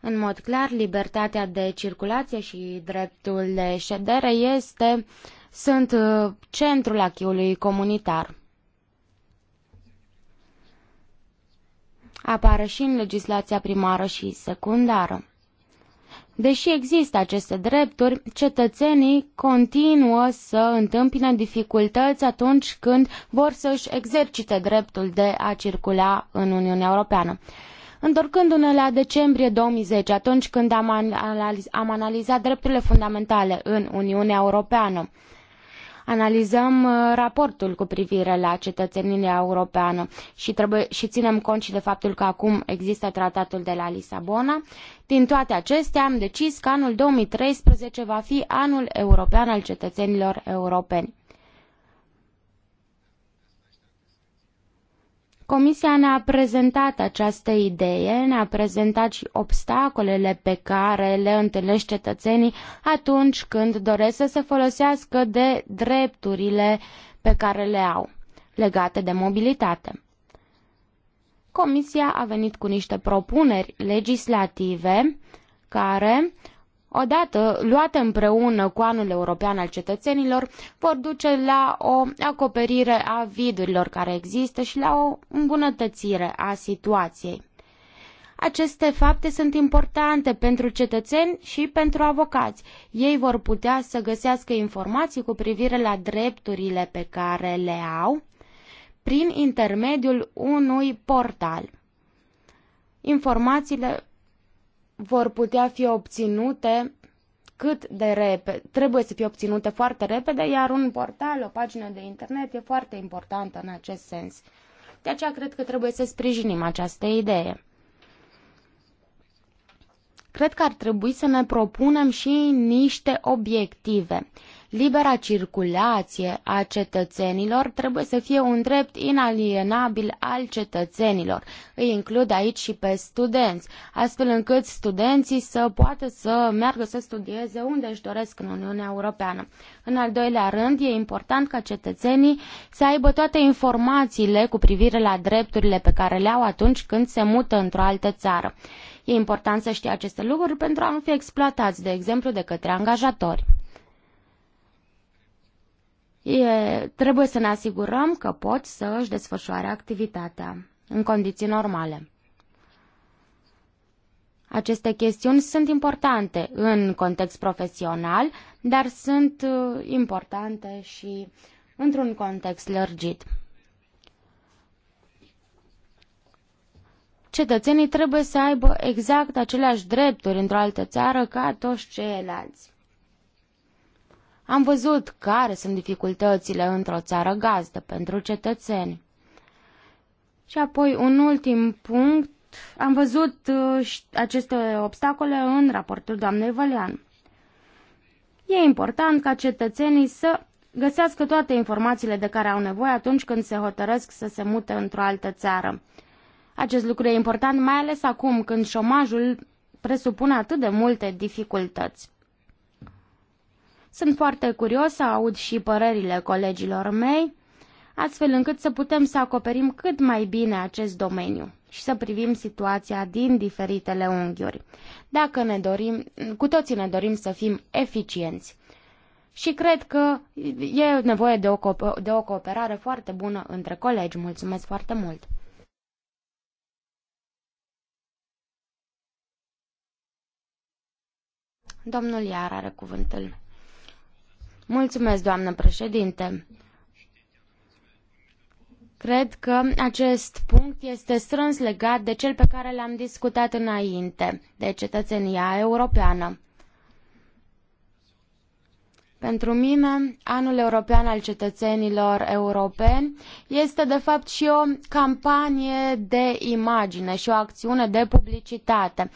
În mod clar, libertatea de circulație și dreptul de ședere este, sunt uh, centrul achiului comunitar. Apare și în legislația primară și secundară. Deși există aceste drepturi, cetățenii continuă să întâmpină dificultăți atunci când vor să-și exercite dreptul de a circula în Uniunea Europeană. Întorcându-ne la decembrie 2010, atunci când am analizat drepturile fundamentale în Uniunea Europeană, analizăm uh, raportul cu privire la cetățenia europeană și, trebuie, și ținem cont și de faptul că acum există tratatul de la Lisabona. Din toate acestea am decis că anul 2013 va fi anul european al cetățenilor europeni. Comisia ne-a prezentat această idee, ne-a prezentat și obstacolele pe care le întâlnesc cetățenii atunci când doresc să se folosească de drepturile pe care le au legate de mobilitate. Comisia a venit cu niște propuneri legislative care odată luate împreună cu anul european al cetățenilor, vor duce la o acoperire a vidurilor care există și la o îmbunătățire a situației. Aceste fapte sunt importante pentru cetățeni și pentru avocați. Ei vor putea să găsească informații cu privire la drepturile pe care le au prin intermediul unui portal. Informațiile vor putea fi obținute cât de repede, trebuie să fie obținute foarte repede, iar un portal, o pagină de internet e foarte importantă în acest sens. De aceea cred că trebuie să sprijinim această idee. Cred că ar trebui să ne propunem și niște obiective. Libera circulație a cetățenilor trebuie să fie un drept inalienabil al cetățenilor. Îi includ aici și pe studenți, astfel încât studenții să poată să meargă să studieze unde își doresc în Uniunea Europeană. În al doilea rând, e important ca cetățenii să aibă toate informațiile cu privire la drepturile pe care le au atunci când se mută într-o altă țară. E important să știe aceste lucruri pentru a nu fi exploatați, de exemplu, de către angajatori. E, trebuie să ne asigurăm că pot să își desfășoare activitatea în condiții normale. Aceste chestiuni sunt importante în context profesional, dar sunt uh, importante și într-un context lărgit. Cetățenii trebuie să aibă exact aceleași drepturi într-o altă țară ca toți ceilalți. Am văzut care sunt dificultățile într-o țară gazdă pentru cetățeni. Și apoi un ultim punct. Am văzut uh, aceste obstacole în raportul doamnei Vălean. E important ca cetățenii să găsească toate informațiile de care au nevoie atunci când se hotărăsc să se mute într-o altă țară. Acest lucru e important mai ales acum când șomajul presupune atât de multe dificultăți. Sunt foarte curios să aud și părerile colegilor mei, astfel încât să putem să acoperim cât mai bine acest domeniu și să privim situația din diferitele unghiuri. Dacă ne dorim, cu toții ne dorim să fim eficienți. Și cred că e nevoie de o, de o cooperare foarte bună între colegi. Mulțumesc foarte mult! Domnul Iar are cuvântul. Mulțumesc, doamnă președinte. Cred că acest punct este strâns legat de cel pe care l-am discutat înainte, de cetățenia europeană. Pentru mine, anul european al cetățenilor europeni este de fapt și o campanie de imagine și o acțiune de publicitate.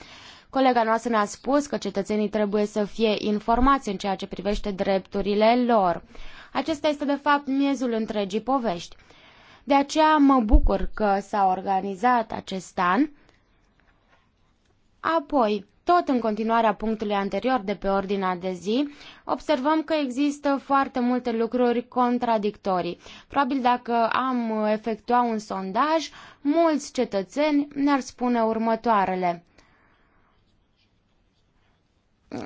Colega noastră ne-a spus că cetățenii trebuie să fie informați în ceea ce privește drepturile lor. Acesta este, de fapt, miezul întregii povești. De aceea mă bucur că s-a organizat acest an. Apoi, tot în continuarea punctului anterior de pe ordinea de zi, observăm că există foarte multe lucruri contradictorii. Probabil dacă am efectua un sondaj, mulți cetățeni ne-ar spune următoarele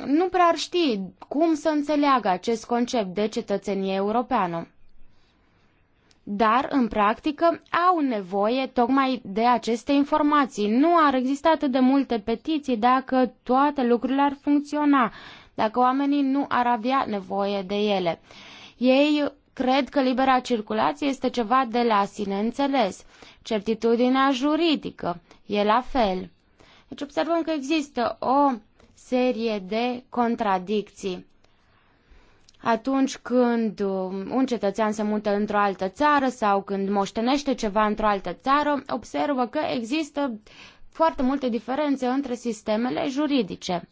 nu prea ar ști cum să înțeleagă acest concept de cetățenie europeană. Dar, în practică, au nevoie tocmai de aceste informații. Nu ar exista atât de multe petiții dacă toate lucrurile ar funcționa, dacă oamenii nu ar avea nevoie de ele. Ei cred că libera circulație este ceva de la sine înțeles. Certitudinea juridică e la fel. Deci observăm că există o serie de contradicții. Atunci când un cetățean se mută într-o altă țară sau când moștenește ceva într-o altă țară, observă că există foarte multe diferențe între sistemele juridice.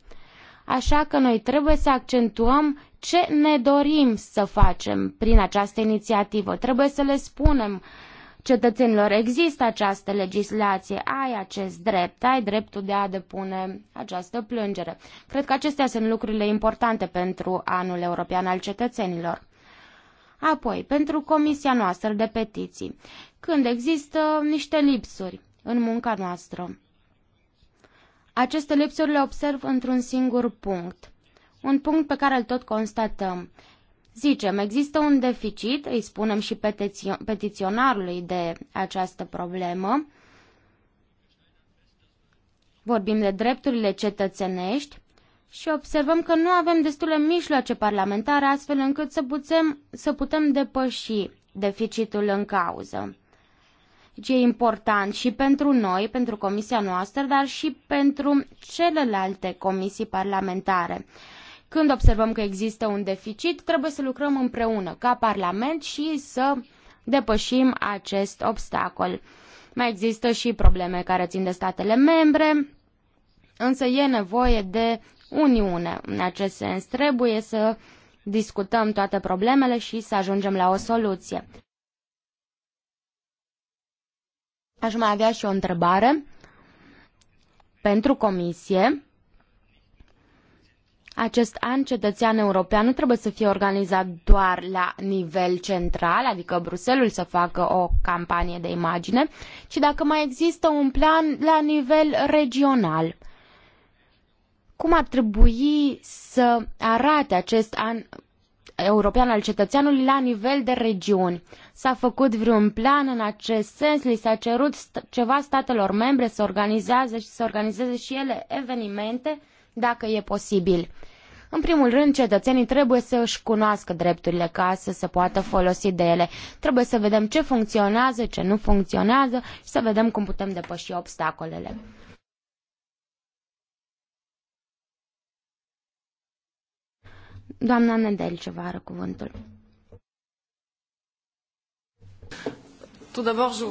Așa că noi trebuie să accentuăm ce ne dorim să facem prin această inițiativă. Trebuie să le spunem uh, cetățenilor. Există această legislație, ai acest drept, ai dreptul de a depune această plângere. Cred că acestea sunt lucrurile importante pentru anul european al cetățenilor. Apoi, pentru comisia noastră de petiții, când există niște lipsuri în munca noastră. Aceste lipsuri le observ într-un singur punct, un punct pe care îl tot constatăm. Zicem, există un deficit, îi spunem și petiționarului de această problemă. Vorbim de drepturile cetățenești și observăm că nu avem destule mijloace parlamentare astfel încât să putem, să putem depăși deficitul în cauză. Deci e important și pentru noi, pentru comisia noastră, dar și pentru celelalte comisii parlamentare. Când observăm că există un deficit, trebuie să lucrăm împreună ca Parlament și să depășim acest obstacol. Mai există și probleme care țin de statele membre, însă e nevoie de uniune. În acest sens, trebuie să discutăm toate problemele și să ajungem la o soluție. Aș mai avea și o întrebare pentru comisie acest an cetățean european nu trebuie să fie organizat doar la nivel central, adică Bruselul să facă o campanie de imagine, ci dacă mai există un plan la nivel regional. Cum ar trebui să arate acest an european al cetățeanului la nivel de regiuni. S-a făcut vreun plan în acest sens? Li s-a cerut ceva statelor membre să, și să organizeze și ele evenimente dacă e posibil. În primul rând, cetățenii trebuie să își cunoască drepturile ca să se poată folosi de ele. Trebuie să vedem ce funcționează, ce nu funcționează și să vedem cum putem depăși obstacolele. Doamna Nedel, ceva are cuvântul. Tout d'abord, je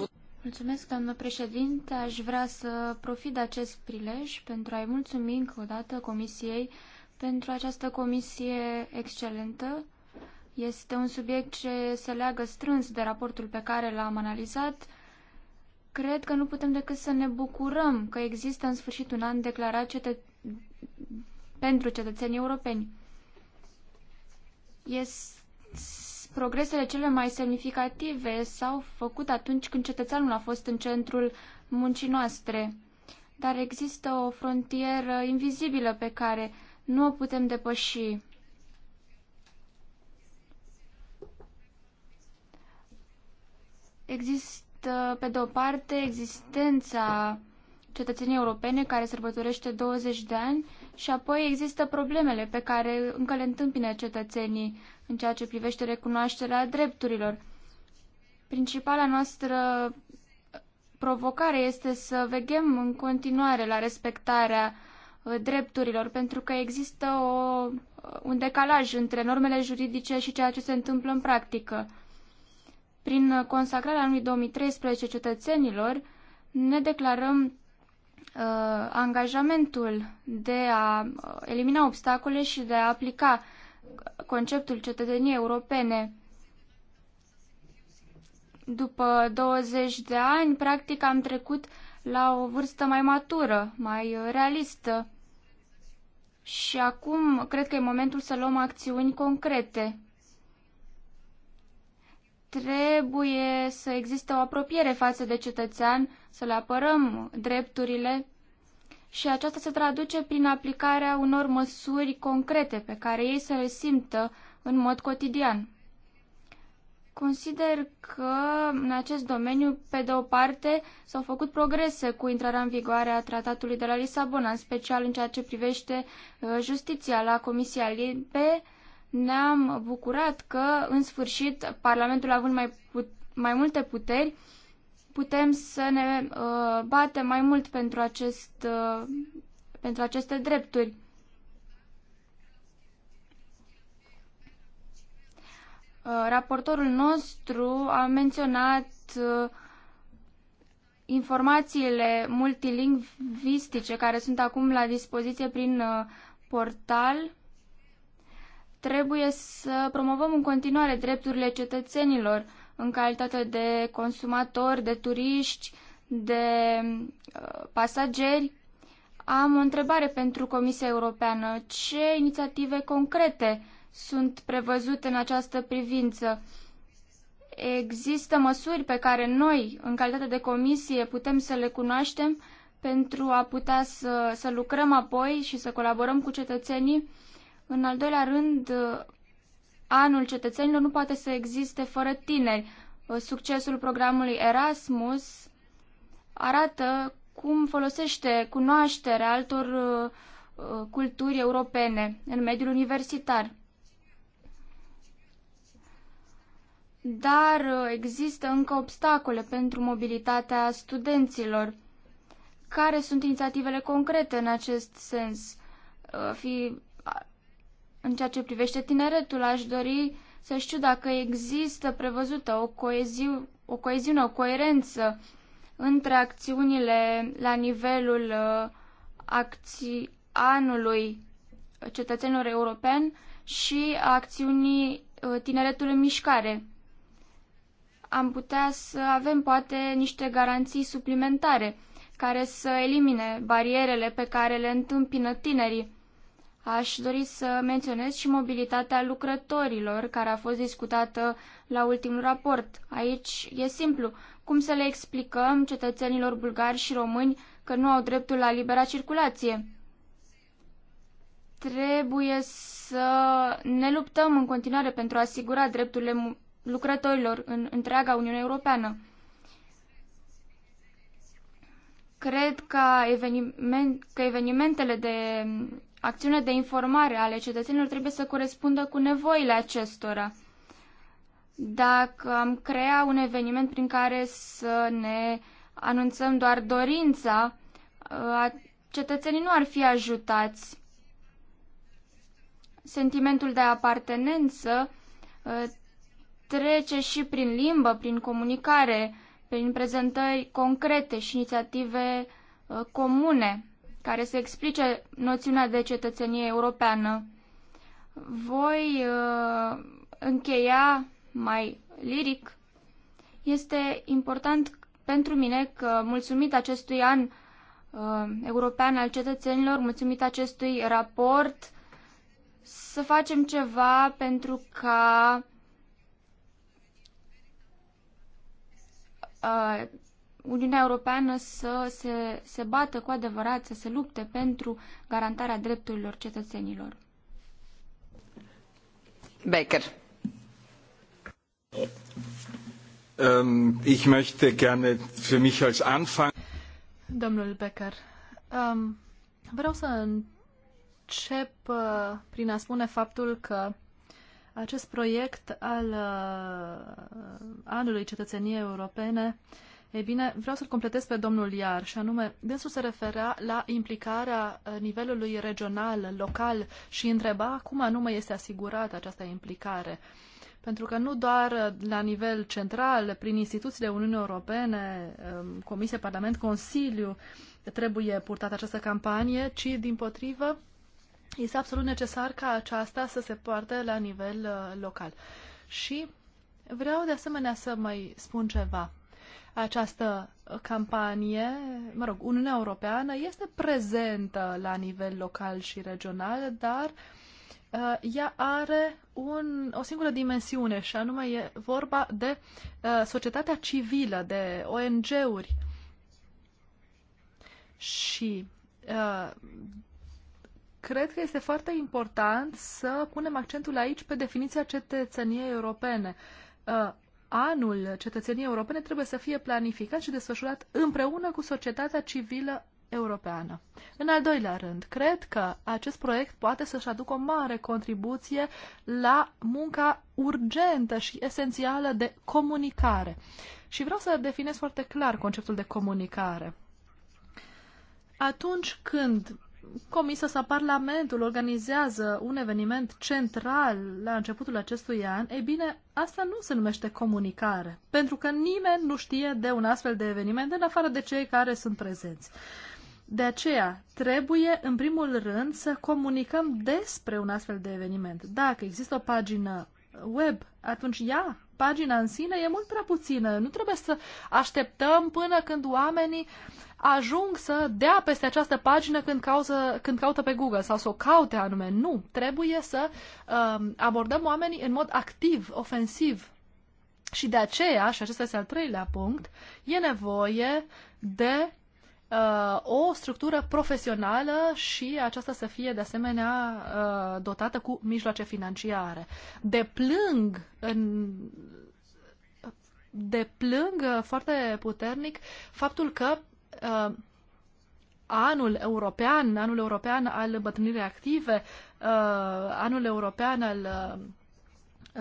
Mulțumesc, președinte. Aș vrea să profit de acest prilej pentru a-i mulțumi încă o dată Comisiei pentru această comisie excelentă. Este un subiect ce se leagă strâns de raportul pe care l-am analizat. Cred că nu putem decât să ne bucurăm că există în sfârșit un an declarat cete- pentru cetățenii europeni. Este progresele cele mai semnificative s-au făcut atunci când cetățeanul a fost în centrul muncii noastre. Dar există o frontieră invizibilă pe care nu o putem depăși. Există, pe de o parte, existența cetățenii europene care sărbătorește 20 de ani și apoi există problemele pe care încă le întâmpină cetățenii în ceea ce privește recunoașterea drepturilor. Principala noastră provocare este să veghem în continuare la respectarea uh, drepturilor, pentru că există o, uh, un decalaj între normele juridice și ceea ce se întâmplă în practică. Prin uh, consacrarea anului 2013 cetățenilor, ne declarăm uh, angajamentul de a elimina obstacole și de a aplica conceptul cetățeniei europene. După 20 de ani, practic, am trecut la o vârstă mai matură, mai uh, realistă. Și acum cred că e momentul să luăm acțiuni concrete. Trebuie să existe o apropiere față de cetățean, să le apărăm drepturile și aceasta se traduce prin aplicarea unor măsuri concrete pe care ei să le simtă în mod cotidian. Consider că în acest domeniu, pe de o parte, s-au făcut progrese cu intrarea în vigoare a tratatului de la Lisabona, în special în ceea ce privește uh, justiția la Comisia Libe. Ne-am bucurat că, în sfârșit, Parlamentul a avut mai, put- mai multe puteri putem să ne uh, batem mai mult pentru, acest, uh, pentru aceste drepturi. Uh, raportorul nostru a menționat uh, informațiile multilingvistice care sunt acum la dispoziție prin uh, portal. Trebuie să promovăm în continuare drepturile cetățenilor uh, în calitate de consumatori, de turiști, de uh, pasageri. Am o întrebare pentru Comisia Europeană. Ce inițiative concrete sunt prevăzute în această privință? Există măsuri pe care noi, în calitate de comisie, putem să le cunoaștem pentru a putea să, să lucrăm apoi și să colaborăm cu cetățenii? În al doilea rând, anul cetățenilor nu poate să existe fără tineri. Succesul programului Erasmus arată cum folosește cunoașterea altor uh, uh, culturi europene în mediul universitar. Dar uh, există încă obstacole pentru mobilitatea studenților. Care sunt inițiativele concrete în acest sens? Fi în ceea ce privește tineretul, aș dori să știu dacă există prevăzută o, coeziu, o coeziune, o coerență între acțiunile la nivelul uh, acții anului cetățenilor europeni și acțiunii uh, tineretului în mișcare. Am putea să avem poate niște garanții suplimentare care să elimine barierele pe care le întâmpină tinerii Aș dori să menționez și mobilitatea lucrătorilor, care a fost discutată la ultimul raport. Aici e simplu. Cum să le explicăm cetățenilor bulgari și români că nu au dreptul la libera circulație? Trebuie să ne luptăm în continuare pentru a asigura drepturile lucrătorilor în întreaga Uniune Europeană. Cred că, eveniment, că evenimentele de acțiunile de informare ale cetățenilor trebuie să corespundă cu nevoile acestora. Dacă am crea un eveniment prin care să ne anunțăm doar dorința, cetățenii nu ar fi ajutați. Sentimentul de apartenență trece și prin limbă, prin comunicare, prin prezentări concrete și inițiative comune care să explice noțiunea de cetățenie europeană. Voi uh, încheia mai liric. Este important pentru mine că, mulțumit acestui an uh, european al cetățenilor, mulțumit acestui raport, să facem ceva pentru ca uh, Uniunea Europeană să se, se bată cu adevărat, să se lupte pentru garantarea drepturilor cetățenilor. Baker. Um, ähm, ich möchte gerne für mich als Anfang. Domnul Becker, um, vreau să încep uh, prin a spune faptul că acest proiect al uh, anului cetățeniei europene uh, ei bine, vreau să-l completez pe domnul Iar și anume, dânsul se referea la implicarea uh, nivelului regional, local și întreba cum anume este asigurată această implicare. Pentru că nu doar uh, la nivel central, prin instituțiile Uniunii Europene, um, Comisie, Parlament, Consiliu, trebuie purtată această campanie, ci din potrivă este absolut necesar ca aceasta să se poarte la nivel uh, local. Și vreau de asemenea să mai spun ceva această campanie, mă rog, Uniunea Europeană este prezentă la nivel local și regional, dar uh, ea are un, o singură dimensiune și anume e vorba de uh, societatea civilă, de ONG-uri. Și uh, cred că este foarte important să punem accentul aici pe definiția cetățeniei europene. Uh, anul cetățeniei europene trebuie să fie planificat și desfășurat împreună cu societatea civilă europeană. În al doilea rând, cred că acest proiect poate să-și aducă o mare contribuție la munca urgentă și esențială de comunicare. Și vreau să definez foarte clar conceptul de comunicare. Atunci când Comisia sau Parlamentul organizează un eveniment central la începutul acestui an, e bine, asta nu se numește comunicare, pentru că nimeni nu știe de un astfel de eveniment în afară de cei care sunt prezenți. De aceea, trebuie, în primul rând, să comunicăm despre un astfel de eveniment. Dacă există o pagină web, atunci ea, pagina în sine, e mult prea puțină. Nu trebuie să așteptăm până când oamenii uh, ajung să dea peste această pagină când, cauză, când caută pe Google sau să o caute anume. Nu, trebuie să uh, abordăm oamenii în mod activ, ofensiv. Și de aceea, și acesta este al treilea punct, e nevoie de uh, o structură profesională și aceasta să fie de asemenea uh, dotată cu mijloace financiare. Deplâng în deplâng foarte puternic faptul că uh, anul european, anul european al bătrânirii active, uh, anul european al uh,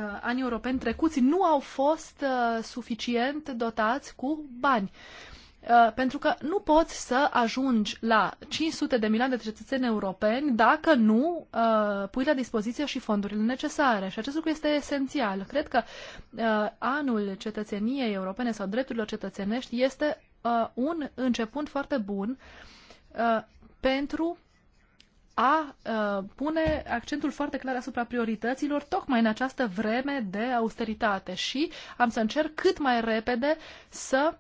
uh, anii europeni trecuți nu au fost uh, suficient dotați cu bani. Uh, Uh, pentru că nu poți să ajungi la 500 de milioane de cetățeni europeni dacă nu uh, pui la dispoziție și fondurile necesare. Și acest lucru este esențial. Cred că uh, anul cetățeniei europene sau drepturilor cetățenești este uh, un început foarte bun uh, pentru a uh, pune accentul foarte clar asupra priorităților, tocmai în această vreme de austeritate. Și am să încerc cât mai repede să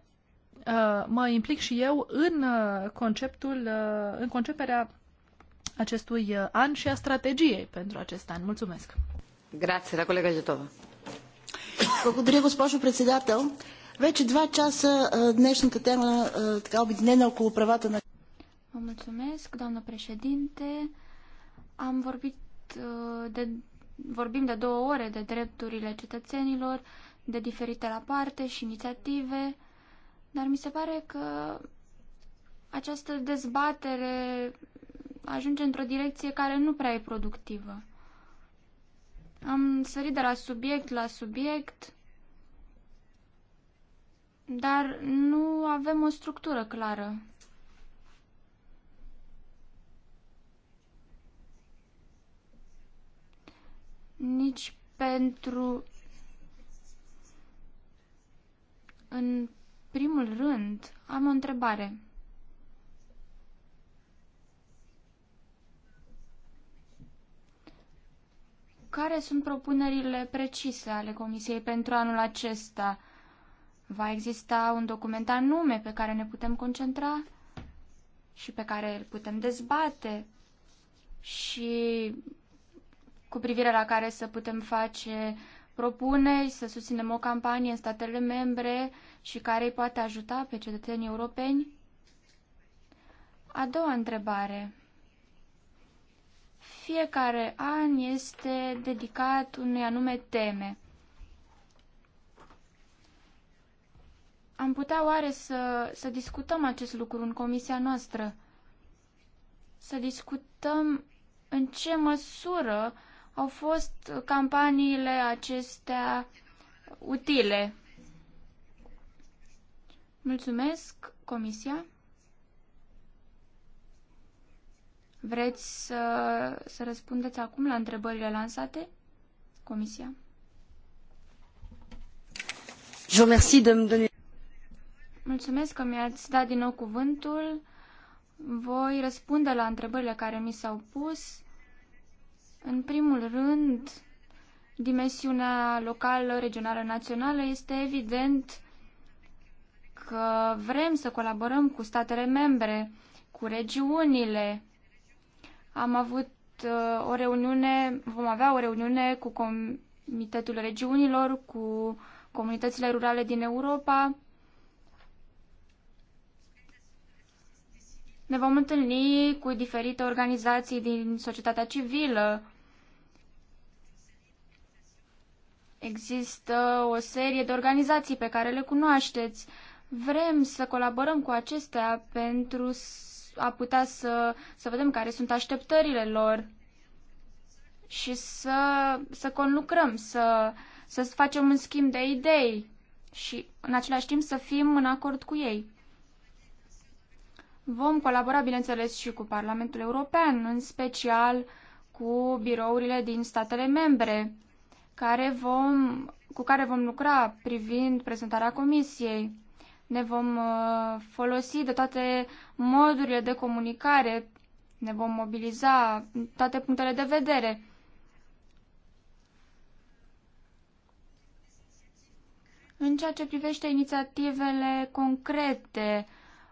Uh, mă implic și eu în uh, conceptul, uh, în conceperea acestui an și a strategiei pentru acest an. Mulțumesc! Grație, la colega Jetova. Благодаря, госпожо председател. Вече два часа днешната тема така обединена около правата на... Vă mulțumesc, doamnă președinte. Am vorbit de, vorbim de două ore de drepturile cetățenilor, de diferite parte și inițiative. Dar mi se pare că această dezbatere ajunge într-o direcție care nu prea e productivă. Am sărit de la subiect la subiect, dar nu avem o structură clară. Nici pentru în primul rând, am o întrebare. Care sunt propunerile precise ale Comisiei pentru anul acesta? Va exista un document anume pe care ne putem concentra și pe care îl putem dezbate și cu privire la care să putem face propune să susținem o campanie în statele membre și care îi poate ajuta pe cetățenii europeni? A doua întrebare. Fiecare an este dedicat unei anume teme. Am putea oare să, să discutăm acest lucru în comisia noastră? Să discutăm în ce măsură uh, au fost campaniile acestea utile. Mulțumesc, Comisia. Vreți să, să răspundeți acum la întrebările lansate? Comisia. Mulțumesc că mi-ați dat din nou cuvântul. Voi răspunde la întrebările care mi s-au pus. În primul rând, dimensiunea locală, regională, națională este evident că vrem să colaborăm cu statele membre, cu regiunile. Am avut uh, o reuniune, vom avea o reuniune cu Comitetul Regiunilor, cu comunitățile rurale din Europa. Ne vom întâlni cu diferite organizații din societatea civilă, Există o serie de organizații pe care le cunoașteți. Vrem să colaborăm cu acestea pentru a putea să, să vedem care sunt așteptările lor și să, să conlucrăm, să, să facem un schimb de idei și în același timp să fim în acord cu ei. Vom colabora, bineînțeles, și cu Parlamentul European, în special cu birourile din statele membre care vom, cu care vom lucra privind prezentarea comisiei. Ne vom uh, folosi de toate modurile de comunicare, ne vom mobiliza toate punctele de vedere. În ceea ce privește inițiativele concrete,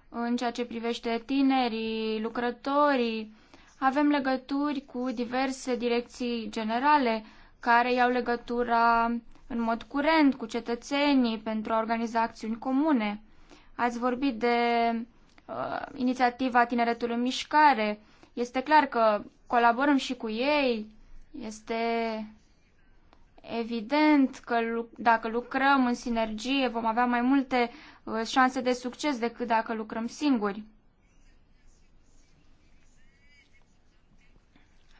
în ceea ce privește tinerii, lucrătorii, avem legături cu diverse direcții generale, care iau legătura în mod curent cu cetățenii pentru a organiza acțiuni comune. Ați vorbit de uh, inițiativa Tineretul în Mișcare. Este clar că colaborăm și cu ei. Este evident că dacă lucrăm în sinergie vom avea mai multe uh, șanse de succes decât dacă lucrăm singuri.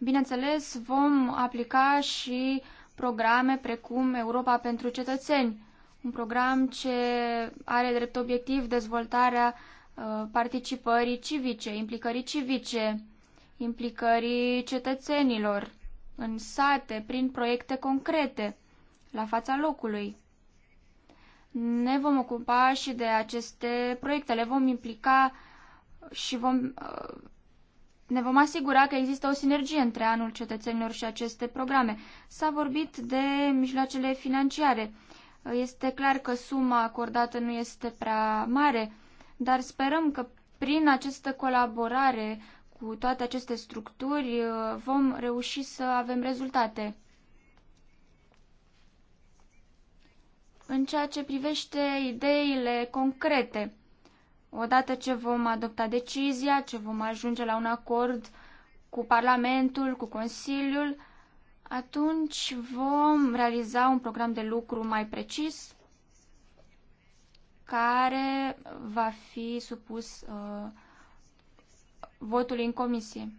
Bineînțeles, vom aplica și programe precum Europa pentru cetățeni, un program ce are drept obiectiv dezvoltarea uh, participării civice, implicării civice, implicării cetățenilor în sate, prin proiecte concrete, la fața locului. Ne vom ocupa și de aceste proiecte, le vom implica și vom uh, ne vom asigura că există o sinergie între anul cetățenilor și aceste programe. S-a vorbit de mijloacele financiare. Este clar că suma acordată nu este prea mare, dar sperăm că prin această colaborare cu toate aceste structuri uh, vom reuși să avem rezultate. În ceea ce privește ideile concrete, Odată ce vom adopta decizia, ce vom ajunge la un acord cu Parlamentul, cu Consiliul, atunci vom realiza un program de lucru mai precis care va fi supus uh, votului în comisie.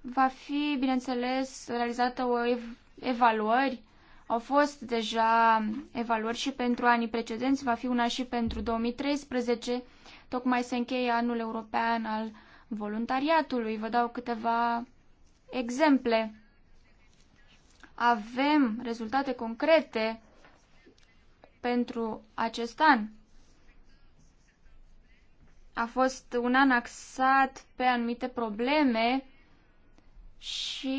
Va fi, bineînțeles, realizată o ev- evaluări au fost deja evaluări și pentru anii precedenți, va fi una și pentru 2013. Tocmai se încheie anul european al voluntariatului. Vă dau câteva exemple. Avem rezultate concrete pentru acest an. A fost un an axat pe anumite probleme și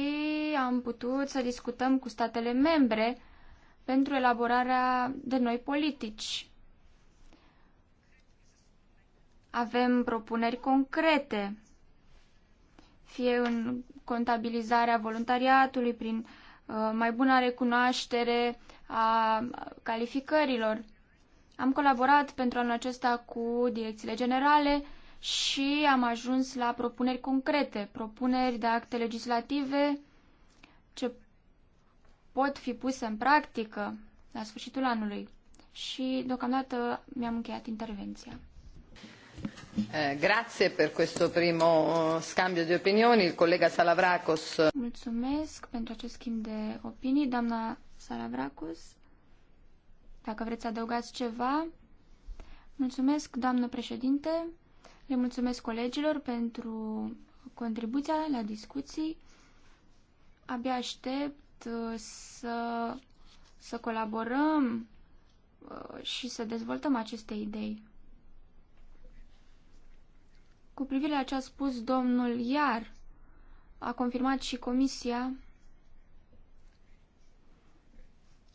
am putut să discutăm cu statele membre pentru elaborarea de noi politici. Avem propuneri concrete, fie în contabilizarea voluntariatului prin uh, mai bună recunoaștere a calificărilor. Am colaborat pentru anul acesta cu direcțiile generale și am ajuns la propuneri concrete, propuneri de acte legislative ce pot fi puse în practică la sfârșitul anului. Și deocamdată mi-am încheiat intervenția. Eh, grazie per questo primo eh, scambio di opinioni, il collega Salavracos. Eh, Mulțumesc pentru acest schimb de opinii, doamna Salavracos. Dacă vreți să adăugați ceva. Mulțumesc, doamnă președinte. Le mulțumesc colegilor pentru contribuția la discuții. Abia aștept uh, să, să colaborăm uh, și să dezvoltăm aceste idei. Cu privire la ce a spus domnul Iar, a confirmat și comisia,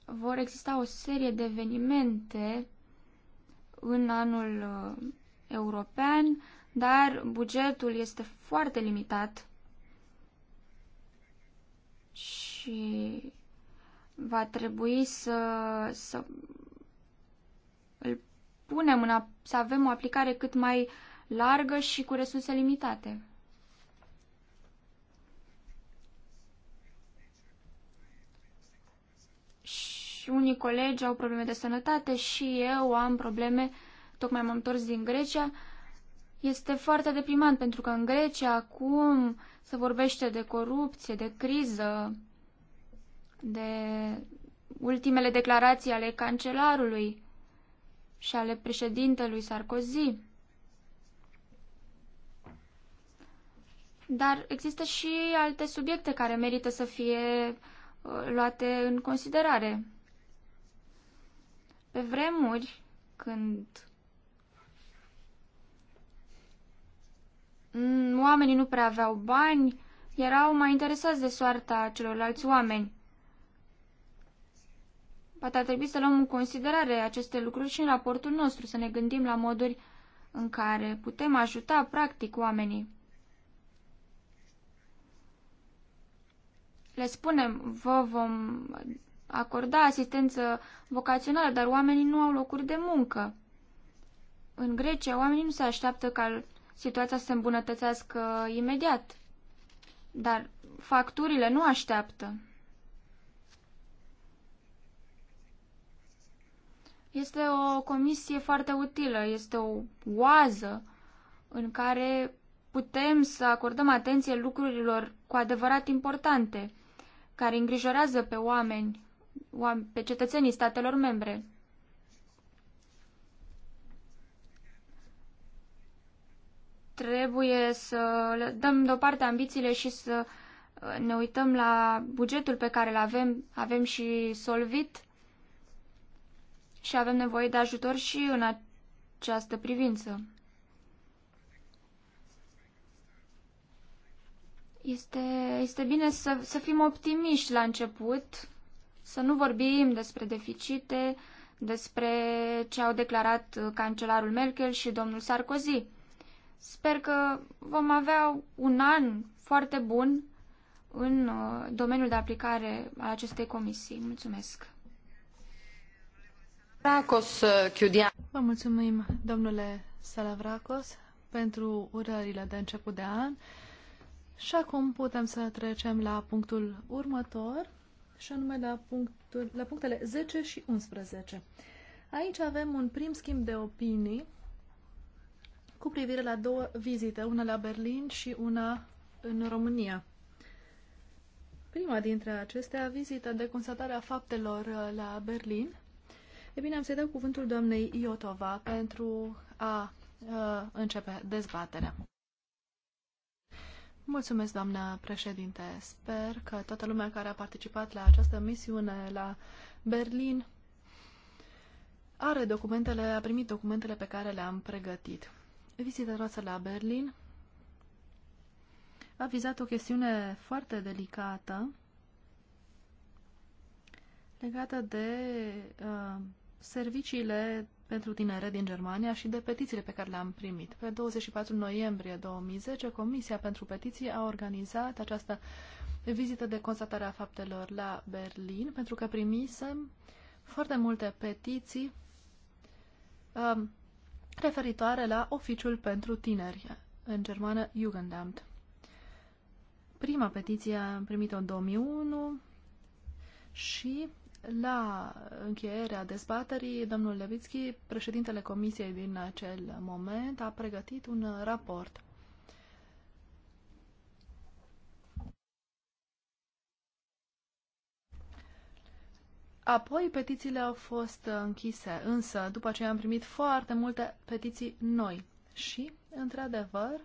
vor exista o serie de evenimente în anul uh, european, dar bugetul este foarte limitat și va trebui să, să îl punem în a, să avem o aplicare cât mai largă și cu resurse limitate. Și unii colegi au probleme de sănătate și eu am probleme uh, tocmai m-am întors din Grecia, este foarte deprimant pentru că în Grecia acum se vorbește de corupție, de criză, de ultimele declarații ale cancelarului și ale președintelui Sarkozy. Dar există și alte subiecte care merită să fie uh, luate în considerare. Pe vremuri, când Mm, oamenii nu prea aveau bani, erau mai interesați de soarta celorlalți oameni. Poate ar trebui să luăm în considerare aceste lucruri și în raportul nostru, să ne gândim la moduri în care putem ajuta practic oamenii. Le spunem, vă vom acorda asistență vocațională, dar oamenii nu au locuri de muncă. În Grecia, oamenii nu se așteaptă ca situația să se îmbunătățească imediat. Dar facturile nu așteaptă. Este o comisie foarte utilă, este o oază în care putem să acordăm atenție lucrurilor cu adevărat importante, care îngrijorează pe oameni, pe cetățenii statelor membre. Trebuie să dăm deoparte ambițiile și să uh, ne uităm la bugetul pe care îl avem. Avem și solvit și avem nevoie de ajutor și în această privință. Este, este bine să, să fim optimiști la început, să nu vorbim despre deficite, despre ce au declarat uh, cancelarul Merkel și domnul Sarkozy. Sper că vom avea un an foarte bun în uh, domeniul de aplicare al acestei comisii. Mulțumesc! Uh, Vă mulțumim, domnule Salavracos, pentru urările de început de an. Și acum putem să trecem la punctul următor, și anume la, punctul, la punctele 10 și 11. Aici avem un prim schimb de opinii cu privire la două vizite, una la Berlin și una în România. Prima dintre acestea, vizită de constatare a faptelor uh, la Berlin. E bine, am să-i dau cuvântul doamnei Iotova pentru a a uh, începe dezbaterea. Mulțumesc, doamnă președinte. Sper că toată lumea care a participat la această misiune la Berlin are documentele, a primit documentele pe care le-am pregătit vizita noastră la Berlin a vizat o chestiune foarte delicată legată de uh, serviciile pentru tinere din Germania și de petițiile pe care le-am primit. Pe 24 noiembrie 2010, Comisia pentru Petiții a organizat această vizită de constatare a faptelor la Berlin, pentru că primisem foarte multe petiții um, referitoare la Oficiul pentru Tineri, în germană Jugendamt. Prima petiție am primit-o în 2001 și la încheierea dezbaterii, domnul Levitski, președintele comisiei din acel moment, a pregătit un raport Apoi petițiile au fost închise, însă după aceea am primit foarte multe petiții noi și, într-adevăr,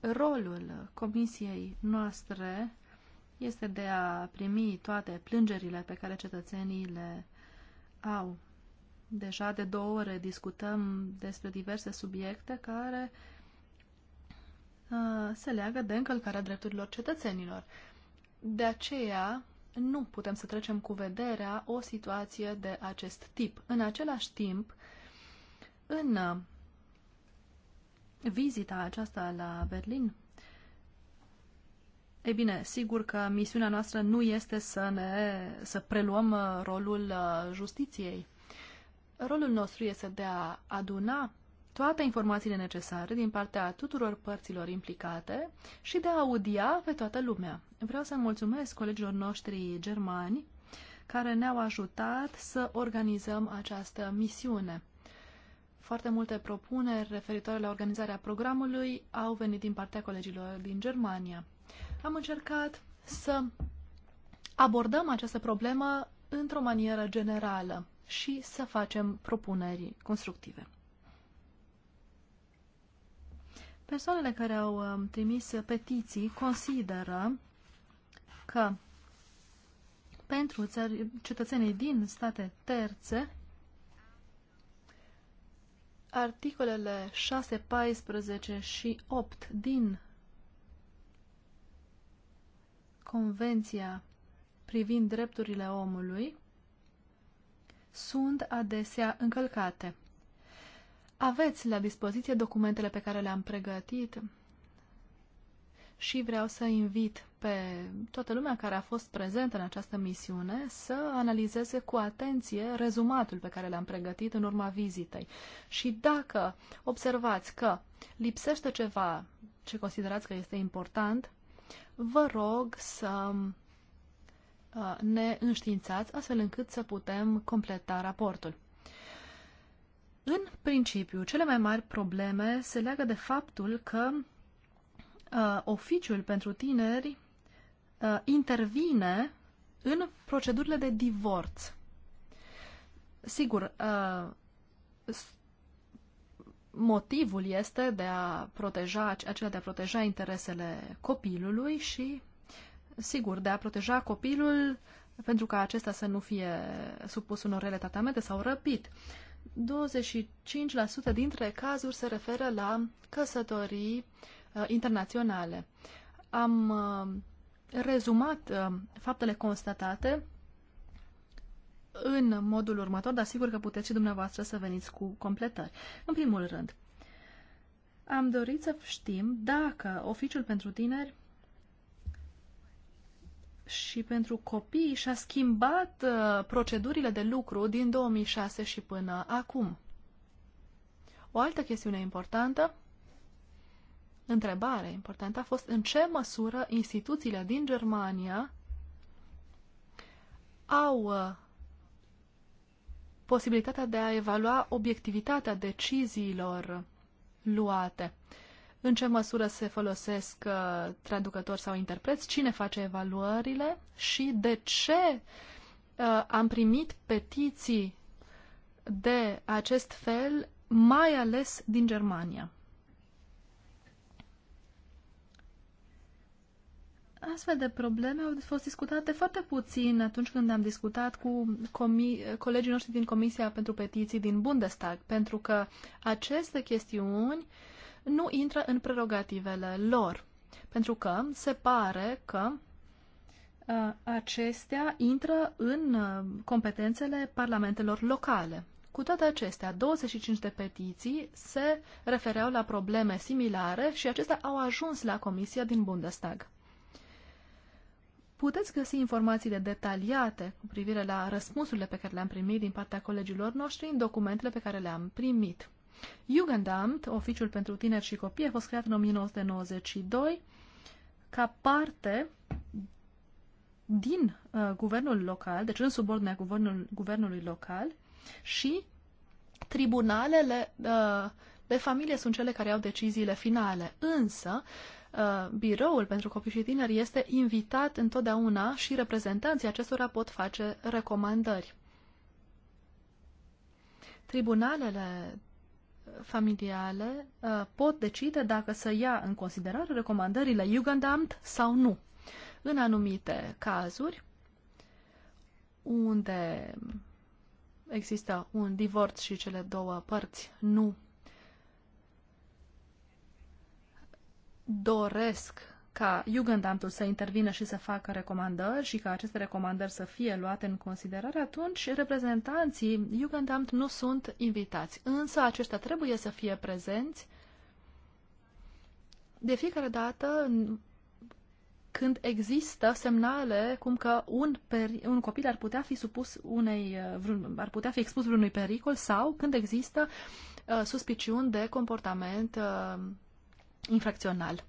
rolul comisiei noastre este de a primi toate plângerile pe care cetățenii le au. Deja de două ore discutăm despre diverse subiecte care uh, se leagă de încălcarea drepturilor cetățenilor. De aceea, nu putem să trecem cu vederea o situație de acest tip. În același timp, în uh, vizita aceasta la Berlin, ei bine, sigur că misiunea noastră nu este să, ne, să preluăm uh, rolul uh, justiției. Rolul nostru este de a aduna toate informațiile necesare din partea tuturor părților implicate și de a audia pe toată lumea. Vreau să mulțumesc colegilor noștri germani care ne-au ajutat să organizăm această misiune. Foarte multe propuneri referitoare la organizarea programului au venit din partea colegilor din Germania. Am încercat să abordăm această problemă într-o manieră generală și să facem propuneri constructive. Persoanele care au um, trimis petiții consideră că pentru cetățenii din state terțe, articolele 6, 14 și 8 din Convenția privind drepturile omului sunt adesea încălcate. Aveți la dispoziție documentele pe care le-am pregătit și vreau să invit pe toată lumea care a fost prezentă în această misiune să analizeze cu atenție rezumatul pe care l-am pregătit în urma vizitei. Și dacă observați că lipsește ceva ce considerați că este important, vă rog să uh, ne înștiințați astfel încât să putem completa raportul. În principiu, cele mai mari probleme se leagă de faptul că uh, oficiul pentru tineri uh, intervine în procedurile de divorț. Sigur, uh, motivul este de a proteja, acela de a proteja interesele copilului și, sigur, de a proteja copilul pentru ca acesta să nu fie supus unor rele tratamente sau răpit. Uh, 25% dintre cazuri se referă la căsătorii uh, internaționale. Am uh, rezumat uh, faptele constatate în modul următor, dar sigur că puteți și dumneavoastră să veniți cu completări. În primul rând, am dorit să știm dacă oficiul pentru tineri și pentru copii și-a schimbat uh, procedurile de lucru din 2006 și până acum. O altă chestiune importantă, întrebare importantă, a fost în ce măsură instituțiile din Germania au uh, posibilitatea de a evalua obiectivitatea deciziilor luate. Uh, în ce măsură se folosesc uh, traducători sau interpreți, cine face evaluările și de ce uh, am primit petiții de acest fel, mai ales din Germania. Astfel de probleme au fost discutate foarte puțin atunci când am discutat cu colegii noștri din Comisia pentru Petiții din Bundestag, pentru că aceste chestiuni uh, nu intră în prerogativele lor, pentru că se pare că uh, acestea intră în uh, competențele parlamentelor locale. Cu toate acestea, 25 de petiții se refereau la probleme similare și acestea au ajuns la Comisia din Bundestag. Puteți găsi informațiile detaliate cu privire la răspunsurile pe care le-am primit din partea colegilor noștri în documentele pe care le-am primit. Jugendamt, Oficiul pentru Tineri și Copii, a fost creat în 1992 ca parte din uh, guvernul local, deci în subordinea guvernul, guvernului local și tribunalele uh, de familie sunt cele care au deciziile finale. Însă, uh, biroul pentru copii și tineri este invitat întotdeauna și reprezentanții acestora pot face recomandări. Tribunalele familiale uh, pot decide dacă să ia în considerare recomandările Jugendamt sau nu. În anumite cazuri, unde există un divorț și cele două părți nu doresc ca Jugendamtul să intervină și să facă recomandări și ca aceste recomandări să fie luate în considerare, atunci reprezentanții Jugendamt nu sunt invitați. Însă aceștia trebuie să fie prezenți de fiecare dată când există semnale cum că un, peri- un copil ar putea fi supus unei, uh, ar putea fi expus vreunui pericol sau când există uh, suspiciuni de comportament uh, infracțional. Uh,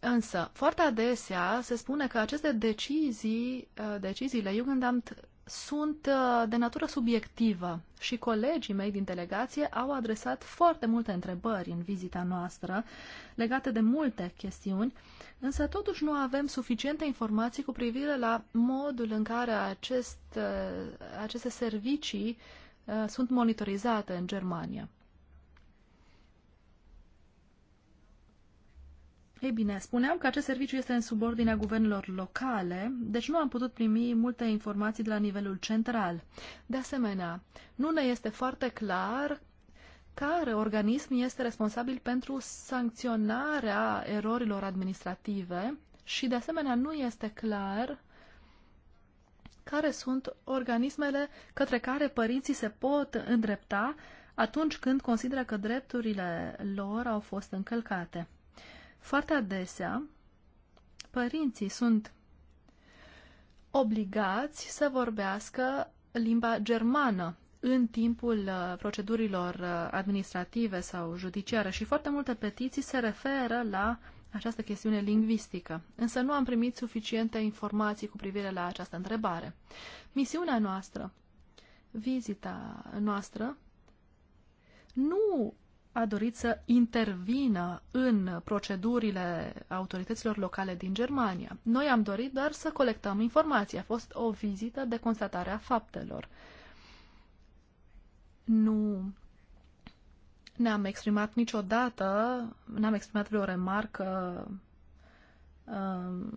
Însă, foarte adesea se spune că aceste decizii, uh, deciziile Jugendamt sunt uh, de natură subiectivă și colegii mei din delegație au adresat foarte multe întrebări în vizita noastră legate de multe chestiuni, însă totuși nu avem suficiente informații cu privire la modul în care acest, uh, aceste servicii sunt monitorizate în Germania. Ei bine, spuneam că acest serviciu este în subordinea guvernelor locale, deci nu am putut primi multe informații de la nivelul central. De asemenea, nu ne este foarte clar care organism este responsabil pentru sancționarea erorilor administrative și, de asemenea, nu este clar care sunt organismele către care părinții se pot îndrepta atunci când consideră că drepturile lor au fost încălcate. Foarte adesea, părinții sunt obligați să vorbească limba germană în timpul uh, procedurilor uh, administrative sau judiciare și foarte multe petiții se referă la această chestiune lingvistică, însă nu am primit suficiente informații cu privire la această întrebare. Misiunea noastră, vizita noastră, nu a dorit să intervină în procedurile autorităților locale din Germania. Noi am dorit doar să colectăm informații. A fost o vizită de constatare a faptelor. Nu ne-am exprimat niciodată, n-am exprimat vreo remarcă um,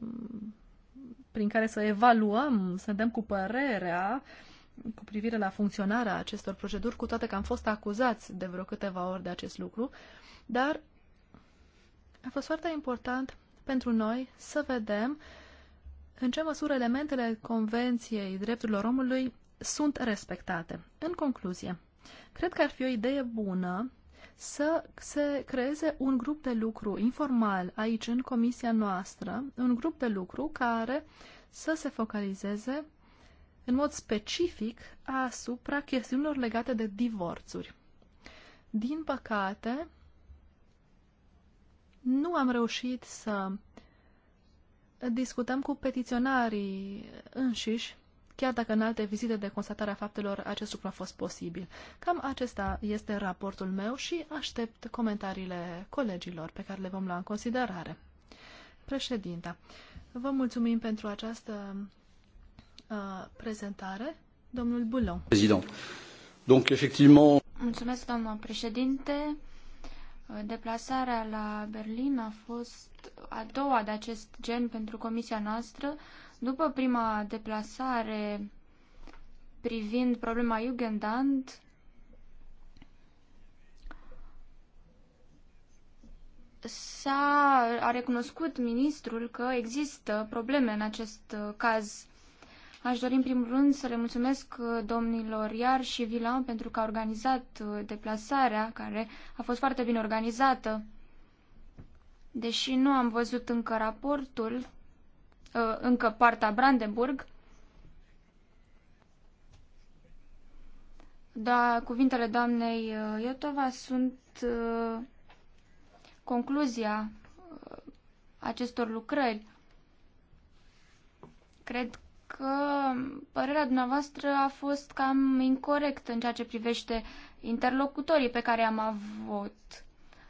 prin care să evaluăm, să dăm cu părerea uh, cu privire la funcționarea acestor proceduri, cu toate că am fost acuzați de vreo câteva ori de acest lucru, dar a fost foarte important pentru noi să vedem în ce măsură elementele Convenției Drepturilor Omului sunt respectate. În concluzie, cred că ar fi o idee bună să se creeze un grup de lucru informal aici în comisia noastră, un grup de lucru care să se focalizeze în mod specific asupra chestiunilor legate de divorțuri. Din păcate, nu am reușit să discutăm cu petiționarii înșiși, chiar dacă în alte vizite de constatare a faptelor acest lucru a fost posibil. Cam acesta este raportul meu și aștept comentariile colegilor pe care le vom lua în considerare. Președinta, vă mulțumim pentru această Uh, prezentare. Domnul Bulon. Prezident. Donc, effectivement... Mulțumesc, doamna președinte. Deplasarea la Berlin a fost a doua de acest gen pentru comisia noastră. După prima deplasare privind problema Jugendand, s-a a recunoscut ministrul că există probleme în acest caz Aș dori în primul rând să le mulțumesc uh, domnilor Iar și Vila pentru că a organizat uh, deplasarea, care a fost foarte bine organizată. Deși nu am văzut încă raportul, uh, încă partea Brandenburg, Da, cuvintele doamnei Iotova sunt concluzia acestor lucrări. Cred că părerea dumneavoastră a fost cam incorrect în ceea ce privește interlocutorii pe care am avut.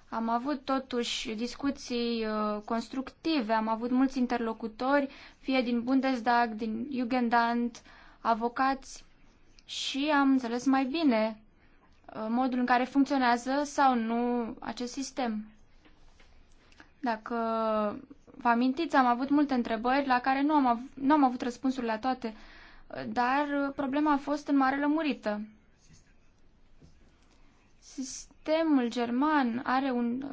Am avut totuși discuții uh, constructive, am avut mulți interlocutori, fie din Bundesdag, din Jugendamt, avocați și am înțeles mai bine uh, modul în care funcționează sau nu acest sistem. Dacă Vă amintiți, am avut multe întrebări la care nu am, av- nu am avut răspunsuri la toate, dar problema a fost în mare lămurită. Sistemul german are un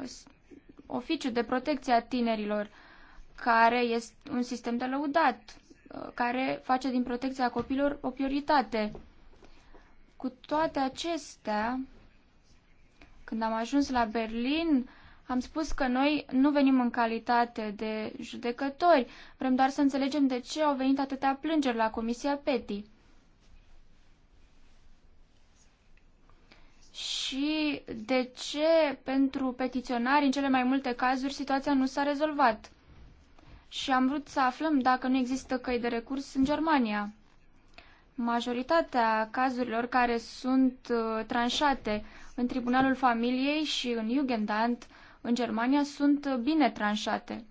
oficiu de protecție a tinerilor, care este un sistem de lăudat, uh, care face din protecția copilor o prioritate. Cu toate acestea, când am ajuns la Berlin, am spus că noi nu venim în calitate de judecători, vrem doar să înțelegem de ce au venit atâtea plângeri la Comisia PETI. Și de ce pentru petiționari, în cele mai multe cazuri, situația nu s-a rezolvat. Și am vrut să aflăm dacă nu există căi de recurs în Germania. Majoritatea cazurilor care sunt uh, tranșate în Tribunalul Familiei și în Jugendamt în Germania sunt bine tranșate.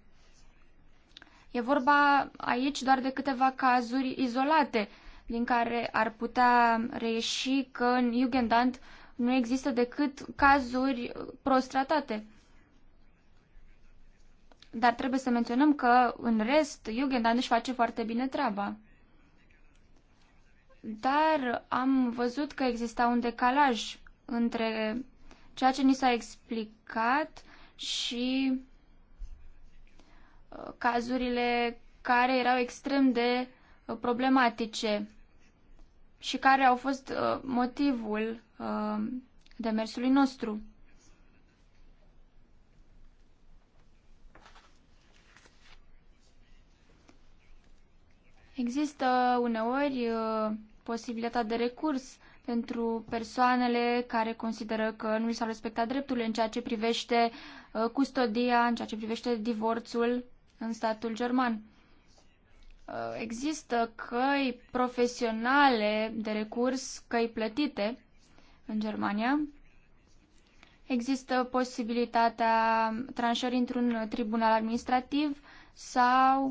E vorba aici doar de câteva cazuri izolate, din care ar putea reieși că în Jugendant nu există decât cazuri prostratate. Dar trebuie să menționăm că, în rest, Jugendant își face foarte bine treaba. Dar am văzut că exista un decalaj între ceea ce ni s-a explicat și uh, cazurile care erau extrem de uh, problematice și care au fost uh, motivul demersului nostru. Există uneori posibilitatea de recurs pentru persoanele care consideră că nu li s-au respectat drepturile în ceea ce privește uh, custodia, în ceea ce privește divorțul în statul german. Uh, există căi profesionale de recurs, căi plătite în Germania. Există posibilitatea tranșării într-un tribunal administrativ sau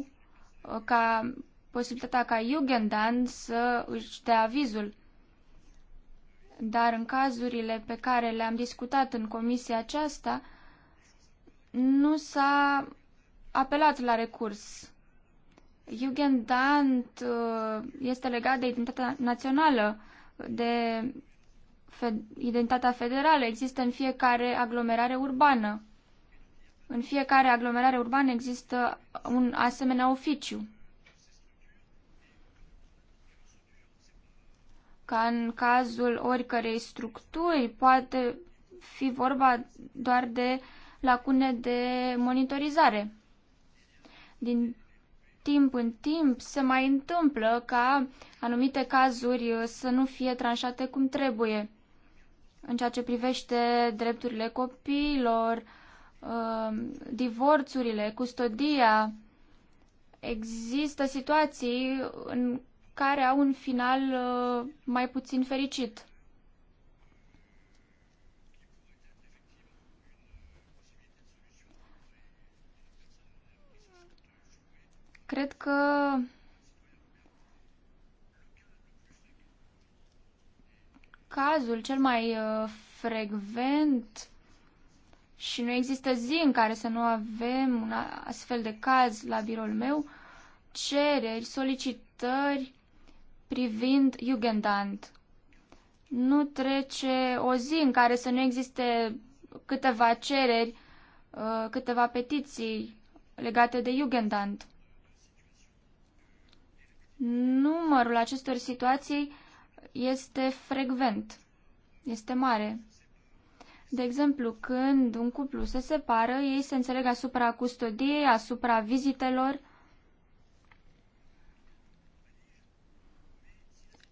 uh, ca posibilitatea ca Jugendan să își dea avizul dar în cazurile pe care le-am discutat în comisia aceasta, nu s-a apelat la recurs. Jugendant uh, este legat de identitatea națională, de identitatea federală. Există în fiecare aglomerare urbană. În fiecare aglomerare urbană există un asemenea oficiu. ca în cazul oricărei structuri, poate fi vorba doar de lacune de monitorizare. Din timp în timp se mai întâmplă ca anumite cazuri uh, să nu fie tranșate cum trebuie în ceea ce privește drepturile copiilor, uh, divorțurile, custodia. Există situații în care au un final uh, mai puțin fericit. Cred că cazul cel mai uh, frecvent și nu există zi în care să nu avem un astfel de caz la biroul meu, cereri, solicitări privind Jugendant. Nu trece o zi în care să nu existe câteva cereri, uh, câteva petiții legate de Jugendant. Numărul acestor situații este frecvent, este mare. De exemplu, când un cuplu se separă, ei se înțeleg asupra custodiei, asupra vizitelor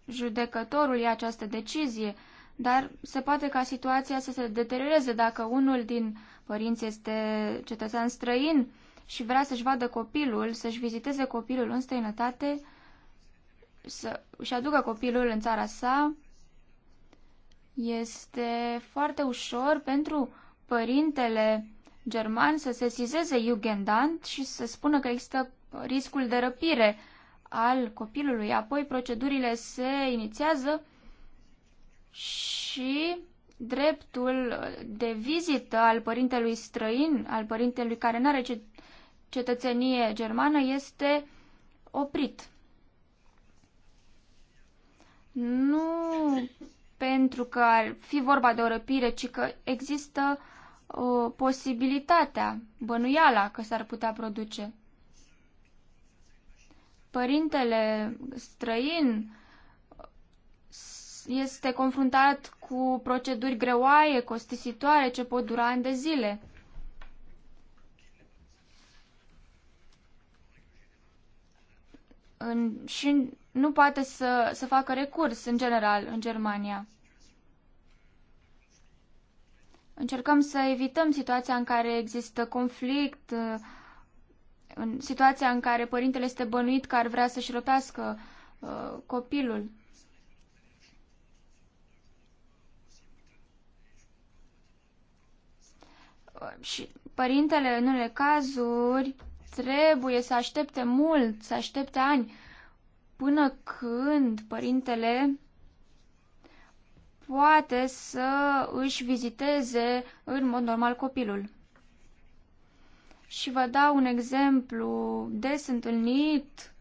judecătorul ia această decizie, dar se poate ca situația să se deterioreze dacă unul din părinți este cetățean străin și vrea să-și vadă copilul, să-și viziteze copilul în străinătate, să-și aducă copilul în țara sa, este foarte ușor pentru părintele german să se sizeze Jugendamt și să spună că există riscul de răpire al copilului. Apoi procedurile se inițiază și dreptul de vizită al părintelui străin, al părintelui care nu are cetățenie germană, este oprit. Nu pentru că ar fi vorba de o răpire, ci că există uh, posibilitatea, bănuiala că s-ar putea produce părintele străin este confruntat cu proceduri greoaie, costisitoare, ce pot dura ani de zile. În, și nu poate să, să facă recurs, în general, în Germania. Încercăm să evităm situația în care există conflict, în situația în care părintele este bănuit că ar vrea să-și răpească uh, copilul. Uh, și părintele, în unele cazuri, trebuie să aștepte mult, să aștepte ani, până când părintele poate să își viziteze în mod normal copilul. Și vă dau un exemplu des întâlnit,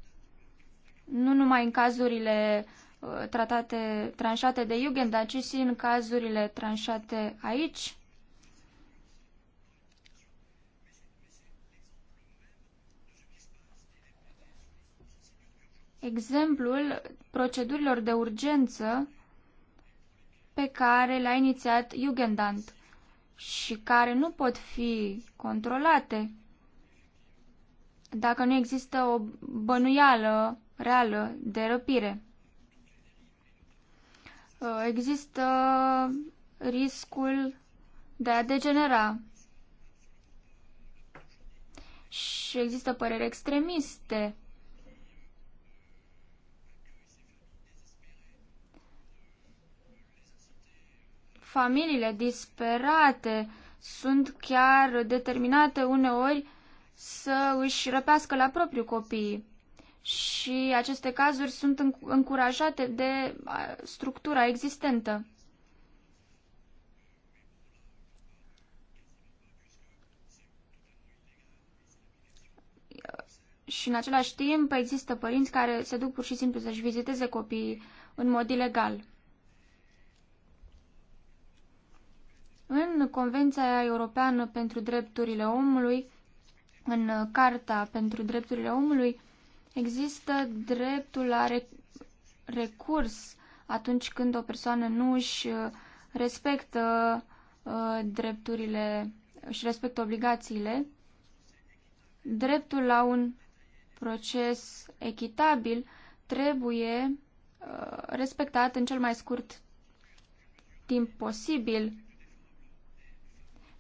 nu numai în cazurile uh, tratate, tranșate de Jugend, dar și în cazurile tranșate aici. Exemplul procedurilor de urgență pe care le-a inițiat Jugendant și care nu pot fi controlate dacă nu există o bănuială reală de răpire. Uh, există riscul de a degenera și există păreri extremiste familiile disperate sunt chiar determinate uneori să își răpească la propriu copiii. Și aceste cazuri sunt încurajate de structura existentă. și în același timp există părinți care se duc pur și simplu să-și viziteze copiii în mod ilegal. În Convenția Europeană pentru Drepturile Omului, în Carta pentru Drepturile Omului, există dreptul la recurs atunci când o persoană nu își uh, respectă uh, drepturile, își respectă obligațiile, dreptul la un proces echitabil trebuie uh, respectat în cel mai scurt timp posibil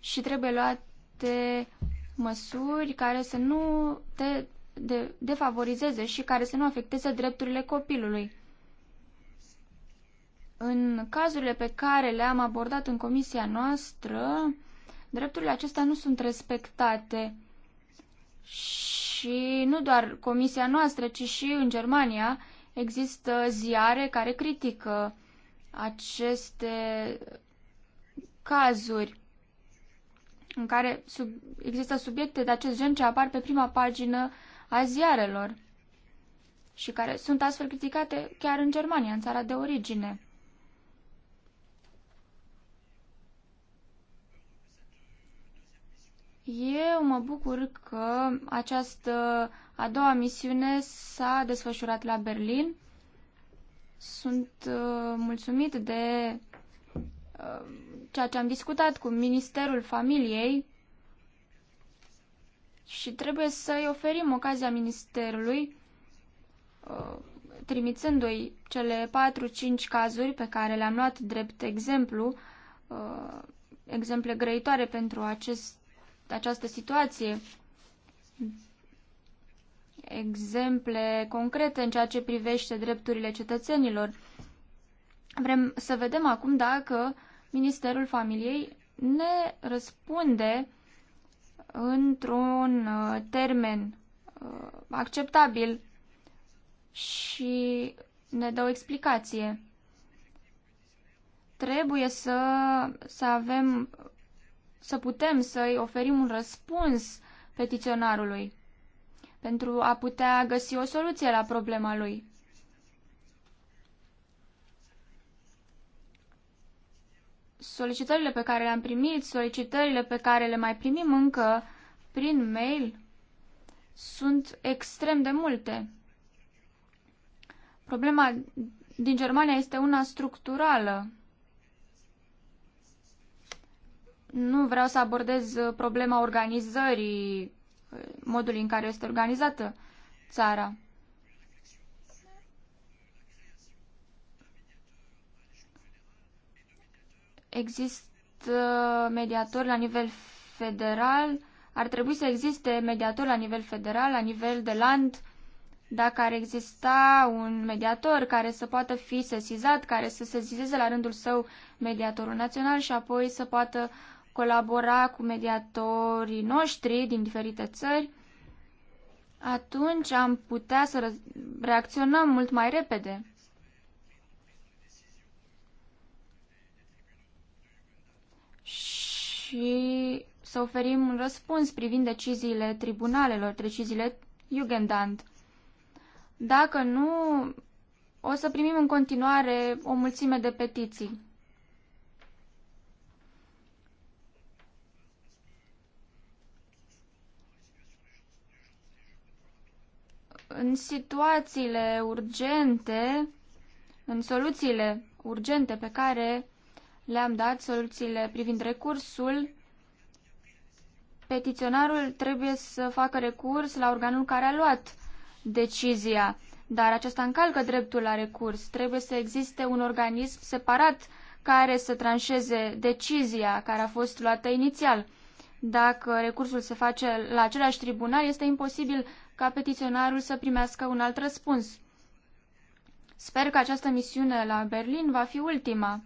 și trebuie luate măsuri care să nu te de, defavorizeze și care să nu afecteze drepturile copilului. În cazurile pe care le-am abordat în comisia noastră, drepturile acestea nu sunt respectate. Și nu doar comisia noastră, ci și în Germania există ziare care critică aceste cazuri în care sub, există subiecte de acest gen ce apar pe prima pagină a ziarelor și care sunt astfel criticate chiar în Germania, în țara de origine. Eu mă bucur că această a doua misiune s-a desfășurat la Berlin. Sunt uh, mulțumit de Um, ceea ce am discutat cu Ministerul Familiei și trebuie să-i oferim ocazia Ministerului, uh, trimițându-i cele 4-5 cazuri pe care le-am luat drept exemplu, uh, exemple grăitoare pentru acest, această situație, exemple concrete în ceea ce privește drepturile cetățenilor Vrem să vedem acum dacă Ministerul Familiei ne răspunde într-un uh, termen uh, acceptabil și ne dă o explicație. Trebuie să, să avem, să putem să-i oferim un răspuns petiționarului pentru a putea găsi o soluție la problema lui. solicitările pe care le-am primit, solicitările pe care le mai primim încă prin mail, sunt extrem de multe. Problema din Germania este una structurală. Nu vreau să abordez problema organizării, modul în care este organizată țara. există mediatori la nivel federal, ar trebui să existe mediatori la nivel federal, la nivel de land, dacă ar exista un mediator care să poată fi sesizat, care să sesizeze la rândul său mediatorul național și apoi să poată colabora cu mediatorii noștri din diferite țări, atunci am putea să reacționăm mult mai repede. și să oferim un răspuns privind deciziile tribunalelor, deciziile Jugendamt. Dacă nu, o să primim în continuare o mulțime de petiții. În situațiile urgente, în soluțiile urgente pe care le-am dat soluțiile privind recursul, petiționarul trebuie să facă recurs la organul care a luat decizia, dar acesta încalcă dreptul la recurs. Trebuie să existe un organism separat care să tranșeze decizia care a fost luată inițial. Dacă recursul se face la același tribunal, este imposibil ca petiționarul să primească un alt răspuns. Sper că această misiune la Berlin va fi ultima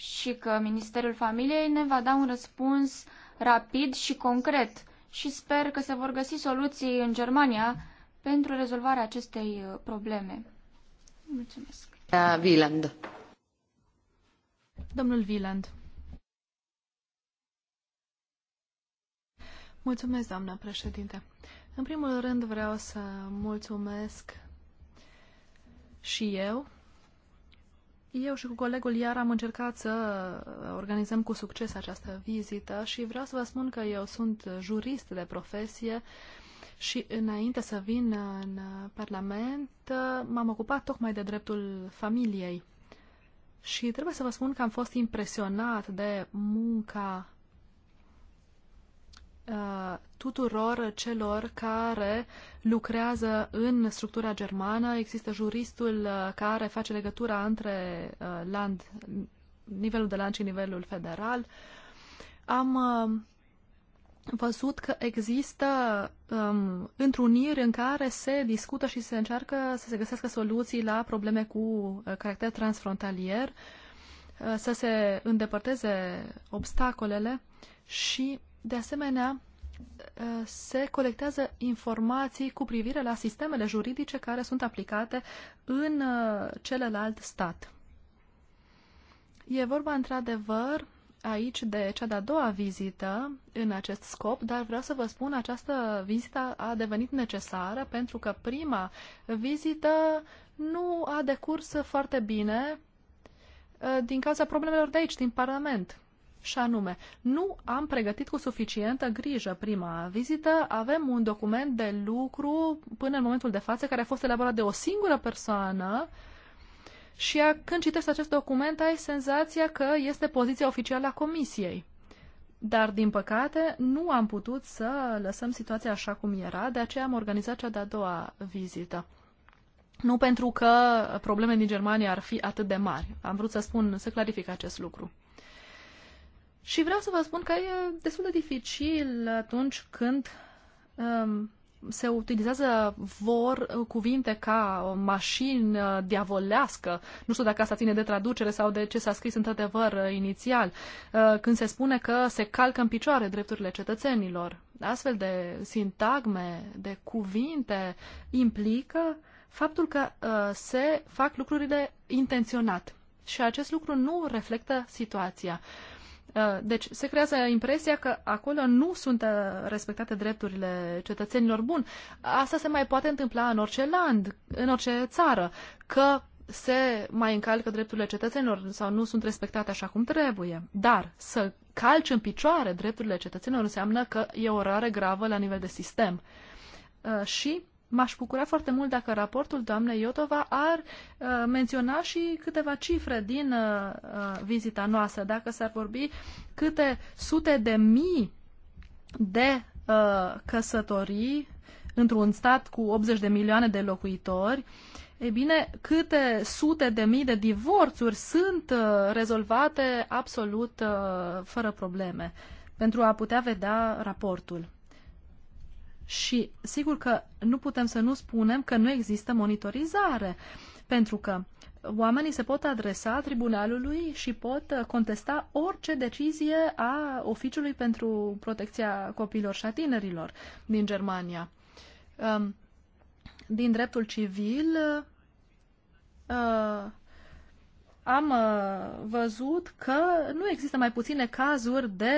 și că Ministerul Familiei ne va da un răspuns rapid și concret și sper că se vor găsi soluții în Germania pentru rezolvarea acestei uh, probleme. Mulțumesc. Da, Wieland. Domnul Wieland. Mulțumesc, doamna președinte. În primul rând vreau să mulțumesc și eu eu și cu colegul Iar am încercat să organizăm cu succes această vizită și vreau să vă spun că eu sunt jurist de profesie și înainte să vin în Parlament m-am ocupat tocmai de dreptul familiei. Și trebuie să vă spun că am fost impresionat de munca Uh, tuturor celor care lucrează în structura germană. Există juristul uh, care face legătura între uh, land, nivelul de land și nivelul federal. Am văzut că există um, întruniri în care se discută și se încearcă să se găsească soluții la probleme cu caracter transfrontalier, să se îndepărteze obstacolele și de asemenea, ă, se colectează informații cu privire la sistemele juridice care sunt aplicate în ă, celălalt stat. E vorba într-adevăr aici de cea de-a doua vizită în acest scop, dar vreau să vă spun, această vizită a devenit necesară pentru că prima vizită nu a decurs foarte bine ă, din cauza problemelor de aici, din Parlament și anume, nu am pregătit cu suficientă grijă prima vizită, avem un document de lucru până în momentul de față care a fost elaborat de o singură persoană și a, când citești acest document ai senzația că este poziția oficială a comisiei. Dar, din păcate, nu am putut să lăsăm situația așa cum era, de aceea am organizat cea de-a doua vizită. Nu pentru că probleme din Germania ar fi atât de mari. Am vrut să spun, să clarific acest lucru. Și vreau să vă spun că e destul de dificil atunci când um, se utilizează vor uh, cuvinte ca o mașină diavolească. Nu știu dacă asta ține de traducere sau de ce s-a scris într-adevăr uh, inițial, uh, când se spune că se calcă în picioare drepturile cetățenilor. Astfel de sintagme, de cuvinte implică faptul că se fac lucrurile intenționat. Și acest lucru nu reflectă situația. Uh, Uh, deci se creează impresia că acolo nu sunt uh, respectate drepturile cetățenilor buni. Asta se mai poate întâmpla în orice land, în orice țară, că se mai încalcă drepturile cetățenilor sau nu sunt respectate așa cum trebuie. Dar să calci în picioare drepturile cetățenilor înseamnă că e o rare gravă la nivel de sistem. Uh, și m-aș bucura foarte mult dacă raportul doamnei Iotova ar uh, menționa și câteva cifre din uh, uh vizita noastră, dacă s-ar vorbi câte sute de mii de uh, căsătorii într-un stat cu 80 de milioane de locuitori, e bine, câte sute de mii de divorțuri sunt uh, rezolvate absolut uh, fără probleme pentru a putea vedea raportul. Și sigur că nu putem să nu spunem că nu există monitorizare, pentru că oamenii se pot adresa tribunalului și pot uh, contesta orice decizie a Oficiului pentru Protecția Copiilor și a Tinerilor din Germania. Um, din dreptul civil, uh, am uh, văzut că nu există mai puține cazuri de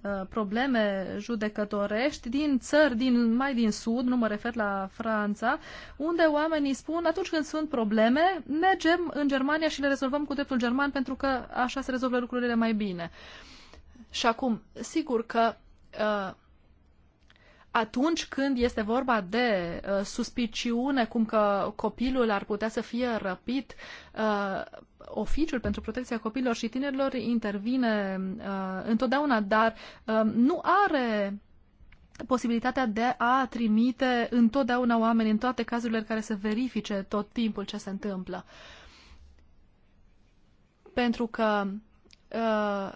uh, probleme judecătorești din țări din, mai din sud, nu mă refer la Franța, unde oamenii spun atunci când sunt probleme, mergem în Germania și le rezolvăm cu dreptul german pentru că așa se rezolvă lucrurile mai bine. Și acum, sigur că uh, atunci când este vorba de suspiciune, cum că copilul ar putea să fie răpit, oficiul pentru protecția copiilor și tinerilor intervine uh, întotdeauna, dar uh, nu are posibilitatea de a trimite întotdeauna oameni în toate cazurile care să verifice tot timpul ce se întâmplă. Pentru că uh,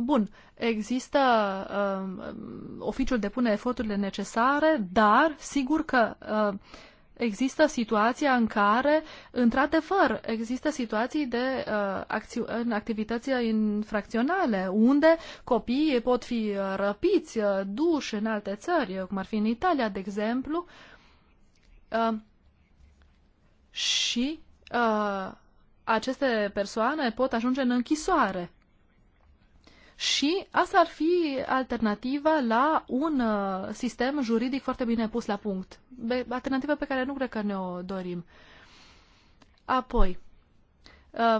Bun, există, uh, oficiul depune eforturile necesare, dar sigur că uh, există situația în care, într-adevăr, există situații de uh, acți- în activități infracționale, unde copiii pot fi uh, răpiți, uh, duși în alte țări, cum ar fi în Italia, de exemplu, uh, și uh, aceste persoane pot ajunge în închisoare și asta ar fi alternativa la un uh, sistem juridic foarte bine pus la punct. Alternativa pe care nu cred că ne-o dorim. Apoi, uh,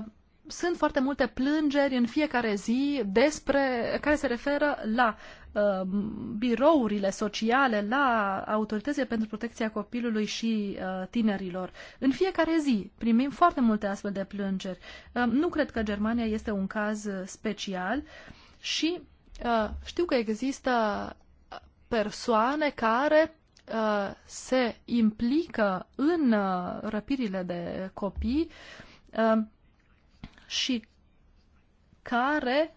sunt foarte multe plângeri în fiecare zi despre care se referă la uh, birourile sociale, la autoritățile pentru protecția copilului și tinerilor. În fiecare zi primim foarte multe astfel de plângeri. nu cred că Germania este un caz special și uh, știu că există persoane care uh, se implică în uh, răpirile de copii uh, și care,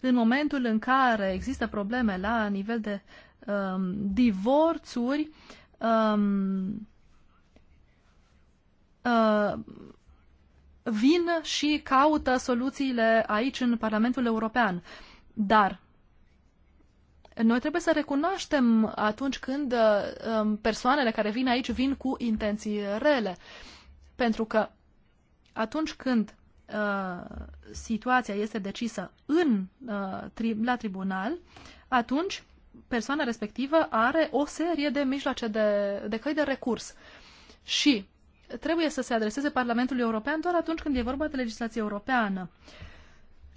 în momentul în care există probleme la nivel de um, divorțuri, um, uh, vin și caută soluțiile aici în Parlamentul European. Uh, dar noi trebuie să recunoaștem atunci când uh, um, persoanele care vin aici vin cu intenții rele. Pentru că atunci când uh, situația este decisă în, uh, la tribunal, atunci persoana respectivă are o serie de mijloace de, de căi de recurs. Și trebuie să se adreseze Parlamentului European doar atunci când e vorba de legislație europeană. Uh,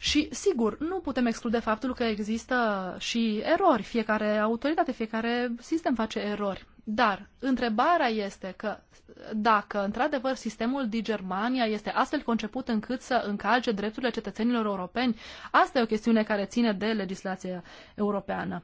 și, sigur, nu putem exclude faptul că există și erori. Fiecare autoritate, fiecare sistem face erori. Dar întrebarea este că dacă, într-adevăr, sistemul din Germania este astfel conceput încât să încalce drepturile cetățenilor europeni, asta e o chestiune care ține de legislația europeană.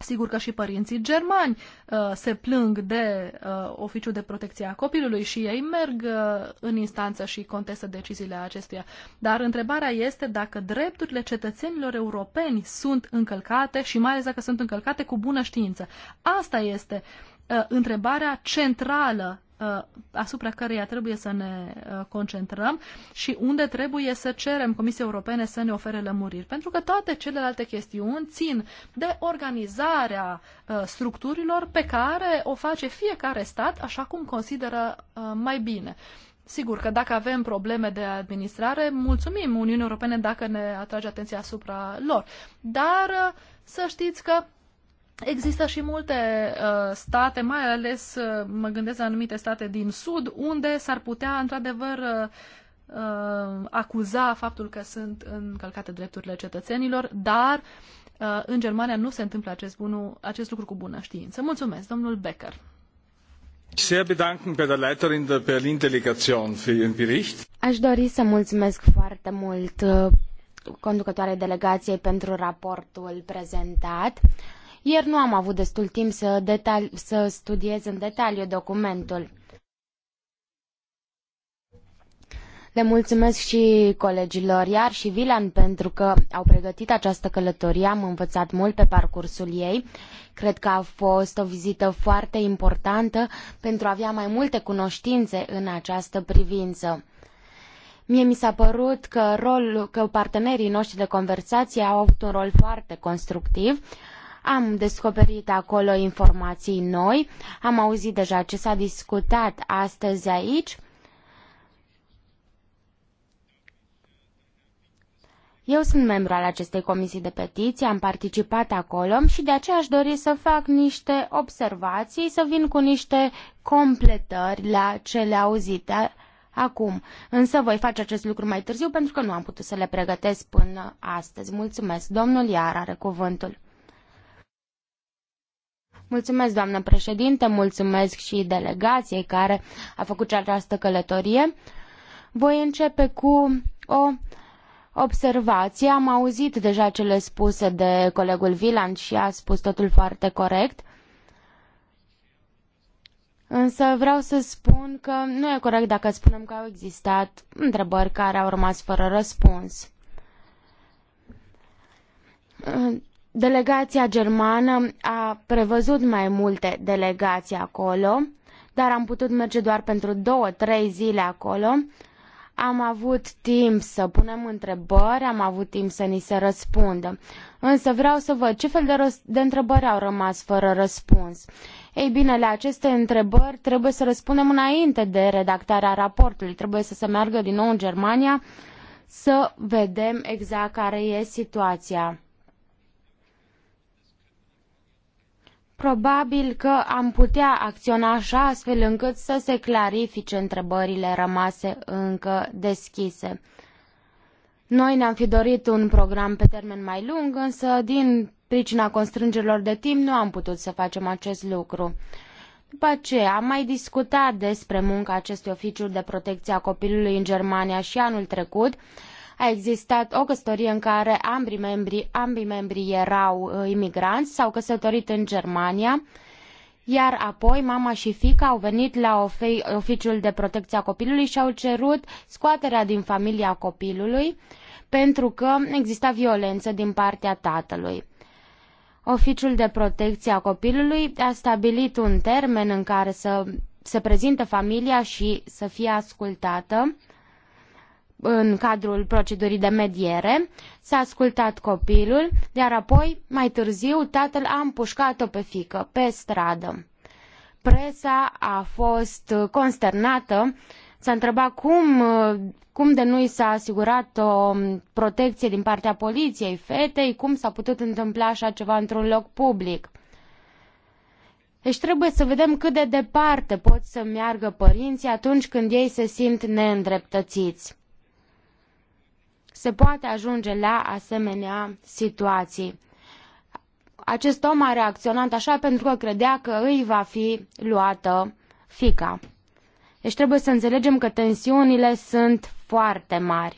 Sigur că și părinții germani uh, se plâng de uh, Oficiul de Protecție a Copilului și ei merg uh, în instanță și contestă deciziile acestuia. Dar întrebarea este dacă drepturile cetățenilor europeni sunt încălcate și mai ales dacă sunt încălcate cu bună știință. Asta este uh, întrebarea centrală Uh, asupra căreia trebuie să ne uh, concentrăm și unde trebuie să cerem Comisiei Europene să ne ofere lămuriri. Pentru că toate celelalte chestiuni țin de organizarea uh, structurilor pe care o face fiecare stat așa cum consideră mai bine. Sigur că dacă avem probleme de administrare, mulțumim Uniunii Europene dacă ne atrage atenția asupra lor. Dar să știți că Există și multe uh, state, mai ales uh, mă gândesc la anumite state din sud, unde s-ar putea, într-adevăr, uh, uh, acuza faptul că sunt încălcate drepturile cetățenilor, dar uh, în Germania nu se întâmplă acest, bunu, acest lucru cu bună știință. Mulțumesc, domnul Becker. Sehr bedanken bei der Leiterin der Berlin Delegation für ihren Bericht. Aș dori să mulțumesc foarte mult uh, conducătoarei delegației pentru raportul prezentat. Ieri nu am avut destul timp să, să studiez în detaliu documentul. Le mulțumesc și colegilor Iar și Vilan pentru că au pregătit această călătorie. Am învățat mult pe parcursul ei. Cred că a fost o vizită foarte importantă pentru a avea mai multe cunoștințe în această privință. Mie mi s-a părut că, rolul, că partenerii noștri de conversație au avut un rol foarte constructiv am descoperit acolo informații noi, am auzit deja ce s-a discutat astăzi aici. Eu sunt membru al acestei comisii de petiții, am participat acolo și de aceea aș dori să fac niște observații, să vin cu niște completări la cele auzite acum. Însă voi face acest lucru mai târziu pentru că nu am putut să le pregătesc până astăzi. Mulțumesc. Domnul Iar are cuvântul. Mulțumesc, doamnă președinte, mulțumesc și delegației care a făcut această călătorie. Voi începe cu o observație. Am auzit deja cele spuse de colegul Vilan și a spus totul foarte corect. Însă vreau să spun că nu e corect dacă spunem că au existat întrebări care au rămas fără răspuns. Delegația germană a prevăzut mai multe delegații acolo, dar am putut merge doar pentru două, trei zile acolo. Am avut timp să punem întrebări, am avut timp să ni se răspundă. Însă vreau să văd ce fel de, de întrebări au rămas fără răspuns. Ei bine, la aceste întrebări trebuie să răspundem înainte de redactarea raportului. Trebuie să se meargă din nou în Germania să vedem exact care e situația. Probabil că am putea acționa așa astfel încât să se clarifice întrebările rămase încă deschise. Noi ne-am fi dorit un program pe termen mai lung, însă din pricina constrângerilor de timp nu am putut să facem acest lucru. După aceea am mai discutat despre munca acestui oficiu de protecție a copilului în Germania și anul trecut, a existat o căsătorie în care ambii membri, ambii membri erau uh, imigranți, s-au căsătorit în Germania, iar apoi mama și fiica au venit la oficiul de protecție a copilului și au cerut scoaterea din familia copilului pentru că exista violență din partea tatălui. Oficiul de protecție a copilului a stabilit un termen în care să se prezinte familia și să fie ascultată în cadrul procedurii de mediere, s-a ascultat copilul, iar apoi, mai târziu, tatăl a împușcat-o pe fică, pe stradă. Presa a fost consternată, s-a întrebat cum, cum de nu i s-a asigurat o protecție din partea poliției fetei, cum s-a putut întâmpla așa ceva într-un loc public. Deci trebuie să vedem cât de departe pot să meargă părinții atunci când ei se simt neîndreptățiți se poate ajunge la asemenea situații. Acest om a reacționat așa pentru că credea că îi va fi luată fica. Deci trebuie să înțelegem că tensiunile sunt foarte mari.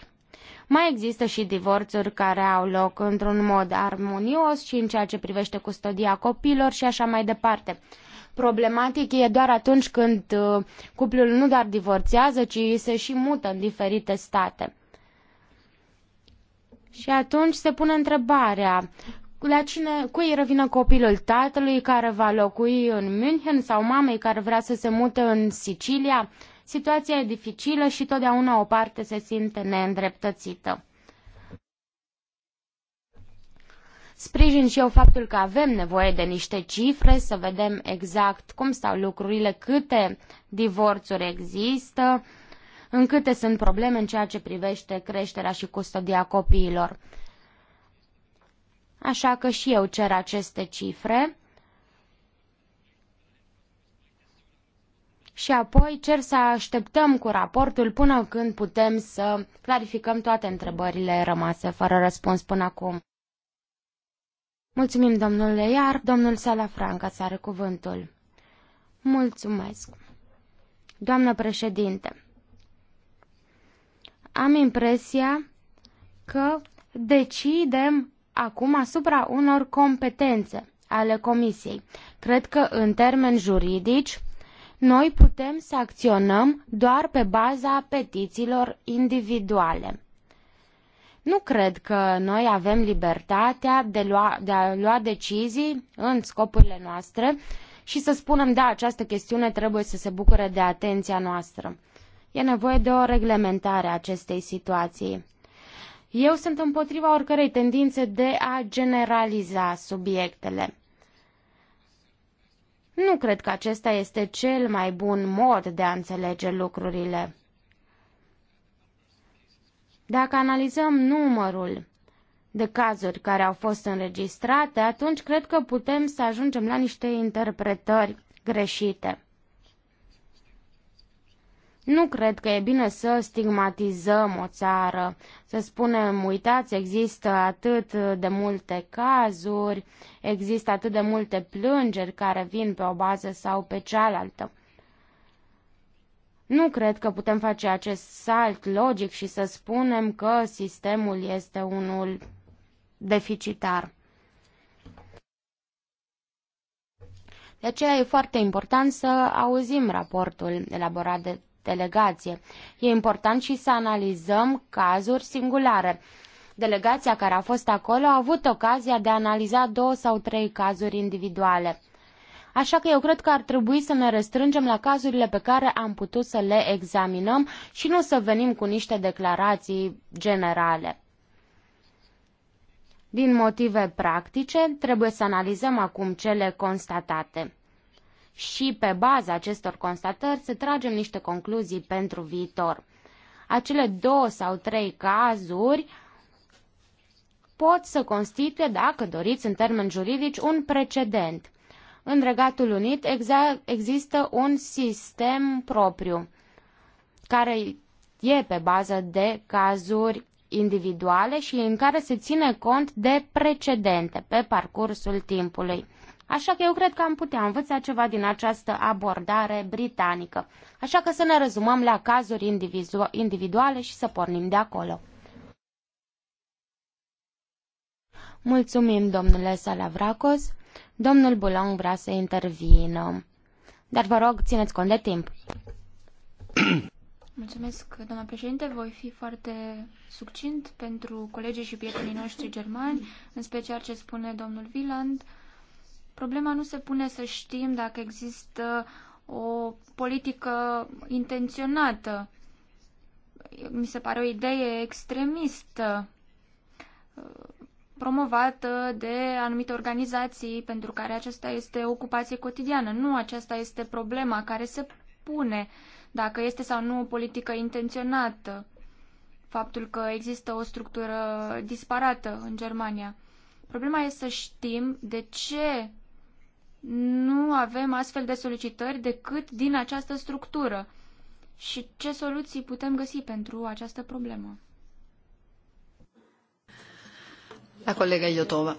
Mai există și divorțuri care au loc într-un mod armonios și în ceea ce privește custodia copilor și așa mai departe. Problematic e doar atunci când uh, cuplul nu doar divorțează, ci se și mută în diferite state. Și atunci se pune întrebarea, la cine, cui revină copilul tatălui care va locui în München sau mamei care vrea să se mute în Sicilia? Situația e dificilă și totdeauna o parte se simte neîndreptățită. Sprijin și eu faptul că avem nevoie de niște cifre, să vedem exact cum stau lucrurile, câte divorțuri există, uh, în câte sunt probleme în ceea ce privește creșterea și custodia copiilor. Așa că și eu cer aceste cifre. și apoi cer să așteptăm cu raportul până când putem să clarificăm toate întrebările rămase fără răspuns până acum. Mulțumim, domnule Iar, domnul Sala Franca să are cuvântul. Mulțumesc. Doamnă președinte, am impresia că decidem acum asupra unor competențe ale Comisiei. Cred că în termeni juridici noi putem să acționăm doar pe baza petițiilor individuale. Nu cred că noi avem libertatea de, lua, de a lua decizii în scopurile noastre și să spunem, da, această chestiune trebuie să se bucure de atenția noastră. E nevoie de o reglementare a acestei situații. Eu sunt împotriva oricărei tendințe de a generaliza subiectele. Nu cred că acesta este cel mai bun mod de a înțelege lucrurile. Dacă analizăm numărul de cazuri care au fost înregistrate, atunci cred că putem să ajungem la niște interpretări greșite. Nu cred că e bine să stigmatizăm o țară, să spunem, uitați, există atât de multe cazuri, există atât de multe plângeri care vin pe o bază sau pe cealaltă. Nu cred că putem face acest salt logic și să spunem că sistemul este unul deficitar. De aceea e foarte important să auzim raportul elaborat de delegație. E important și să analizăm cazuri singulare. Delegația care a fost acolo a avut ocazia de a analiza două sau trei cazuri individuale. Așa că eu cred că ar trebui să ne restrângem la cazurile pe care am putut să le examinăm și nu să venim cu niște declarații generale. Din motive practice, trebuie să analizăm acum cele constatate și pe baza acestor constatări să tragem niște concluzii pentru viitor. Acele două sau trei cazuri pot să constituie, dacă doriți, în termeni juridici, un precedent. În Regatul Unit există un sistem propriu care e pe bază de cazuri individuale și în care se ține cont de precedente pe parcursul timpului. Așa că eu cred că am putea învăța ceva din această abordare britanică. Așa că să ne rezumăm la cazuri individu individuale și să pornim de acolo. Mulțumim, domnule Salavracos. Domnul Bulong vrea să intervină. Dar vă rog, țineți cont de timp. Mulțumesc, doamna președinte. Voi fi foarte succint pentru colegii și prietenii noștri germani, în special ce spune domnul Wieland Problema nu se pune să știm dacă există o politică intenționată. Mi se pare o idee extremistă promovată de anumite organizații pentru care aceasta este o ocupație cotidiană. Nu aceasta este problema care se pune dacă este sau nu o politică intenționată. Faptul că există o structură disparată în Germania. Problema este să știm de ce nu avem astfel de solicitări decât din această structură. Și ce soluții putem găsi pentru această problemă? La colega Iotova.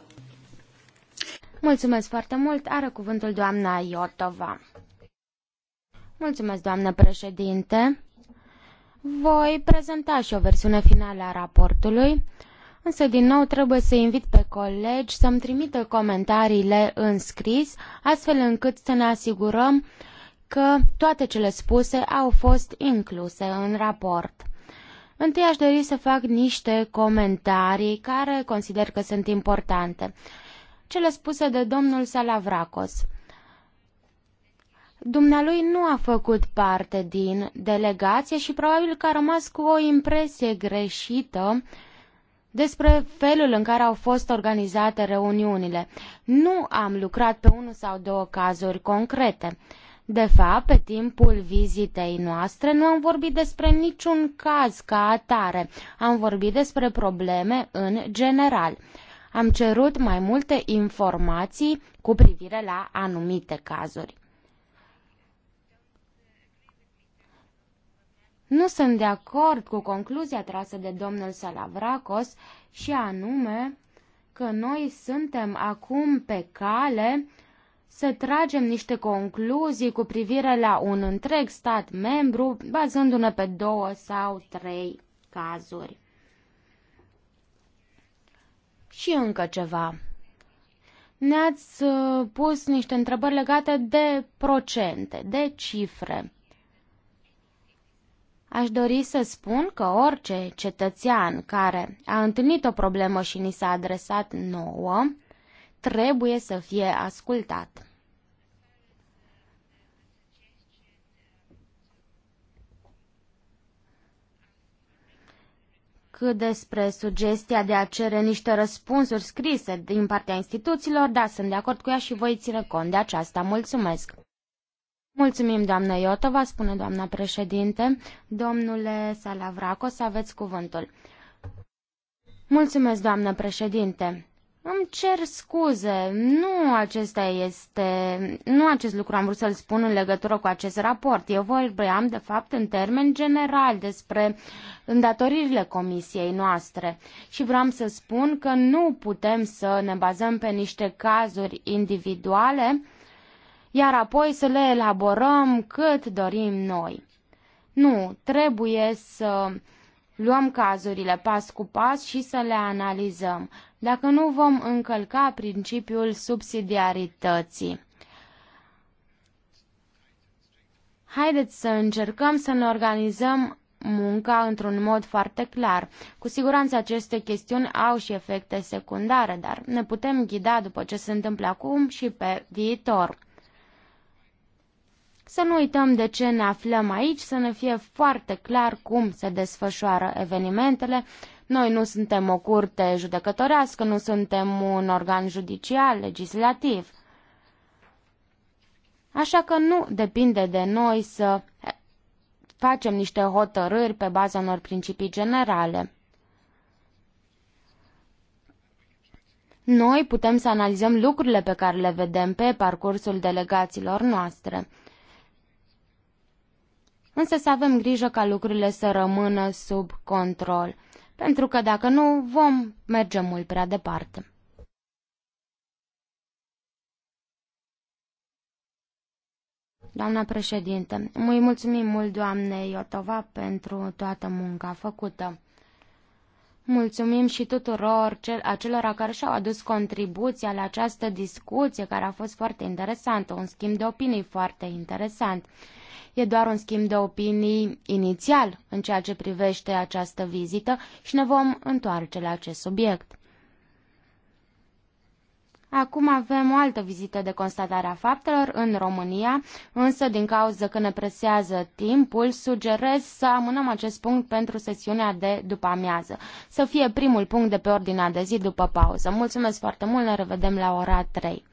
Mulțumesc foarte mult. Are cuvântul doamna Iotova. Mulțumesc, doamnă președinte. Voi prezenta și o versiune finală a raportului. Însă, din nou, trebuie să invit pe colegi să-mi trimită comentariile în scris, astfel încât să ne asigurăm că toate cele spuse au fost incluse în raport. Întâi aș dori să fac niște comentarii care consider că sunt importante. Cele spuse de domnul Salavracos. Dumnealui nu a făcut parte din delegație și probabil că a rămas cu o impresie greșită uh, despre felul în care au fost organizate reuniunile. Nu am lucrat pe unul sau două cazuri concrete. De fapt, pe timpul vizitei noastre nu am vorbit despre niciun caz ca atare, am vorbit despre probleme în general. Am cerut mai multe informații cu privire la anumite cazuri. Nu sunt de acord cu concluzia trasă de domnul Salavracos și anume că noi suntem acum pe cale să tragem niște concluzii cu privire la un întreg stat membru, bazându-ne pe două sau trei cazuri. Și încă ceva. Ne-ați uh, pus niște întrebări legate de procente, de cifre. Aș dori să spun că orice cetățean care a întâlnit o problemă și ni s-a adresat nouă, trebuie să fie ascultat. cât despre sugestia de a cere niște răspunsuri scrise din partea instituțiilor, da, sunt de acord cu ea și voi ține cont de aceasta. Mulțumesc! Mulțumim, doamnă Vă spune doamna președinte. Domnule să aveți cuvântul. Mulțumesc, doamnă președinte. Îmi cer scuze, nu acesta este, nu acest lucru am vrut să-l spun în legătură cu acest raport. Eu vorbeam, de fapt, în termen general despre îndatoririle comisiei noastre și vreau să spun că nu putem să ne bazăm pe niște cazuri individuale, iar apoi să le elaborăm cât dorim noi. Nu, trebuie să luăm cazurile pas cu pas și să le analizăm, dacă nu vom încălca principiul subsidiarității. Haideți să încercăm să ne organizăm munca într-un mod foarte clar. Cu siguranță aceste chestiuni au și efecte secundare, dar ne putem ghida după ce se întâmplă acum și pe viitor. Să nu uităm de ce ne aflăm aici, să ne fie foarte clar cum se desfășoară evenimentele. Noi nu suntem o curte judecătorească, nu suntem un organ judicial, legislativ. Așa că nu depinde de noi să facem niște hotărâri pe baza unor principii generale. Noi putem să analizăm lucrurile pe care le vedem pe parcursul delegațiilor noastre. Însă să avem grijă ca lucrurile să rămână sub control, pentru că dacă nu, vom merge mult prea departe. Doamna președinte, îi mulțumim mult doamnei Iotova pentru toată munca făcută. Mulțumim și tuturor cel, acelora care și-au adus contribuția la această discuție, care a fost foarte interesantă, un schimb de opinii foarte interesant. E doar un schimb de opinii inițial în ceea ce privește această vizită și ne vom întoarce la acest subiect. Acum avem o altă vizită de constatare a faptelor în România, însă din cauza că ne presează timpul, sugerez să amânăm acest punct pentru sesiunea de după amiază. Să fie primul punct de pe ordinea de zi după pauză. Mulțumesc foarte mult, ne revedem la ora 3.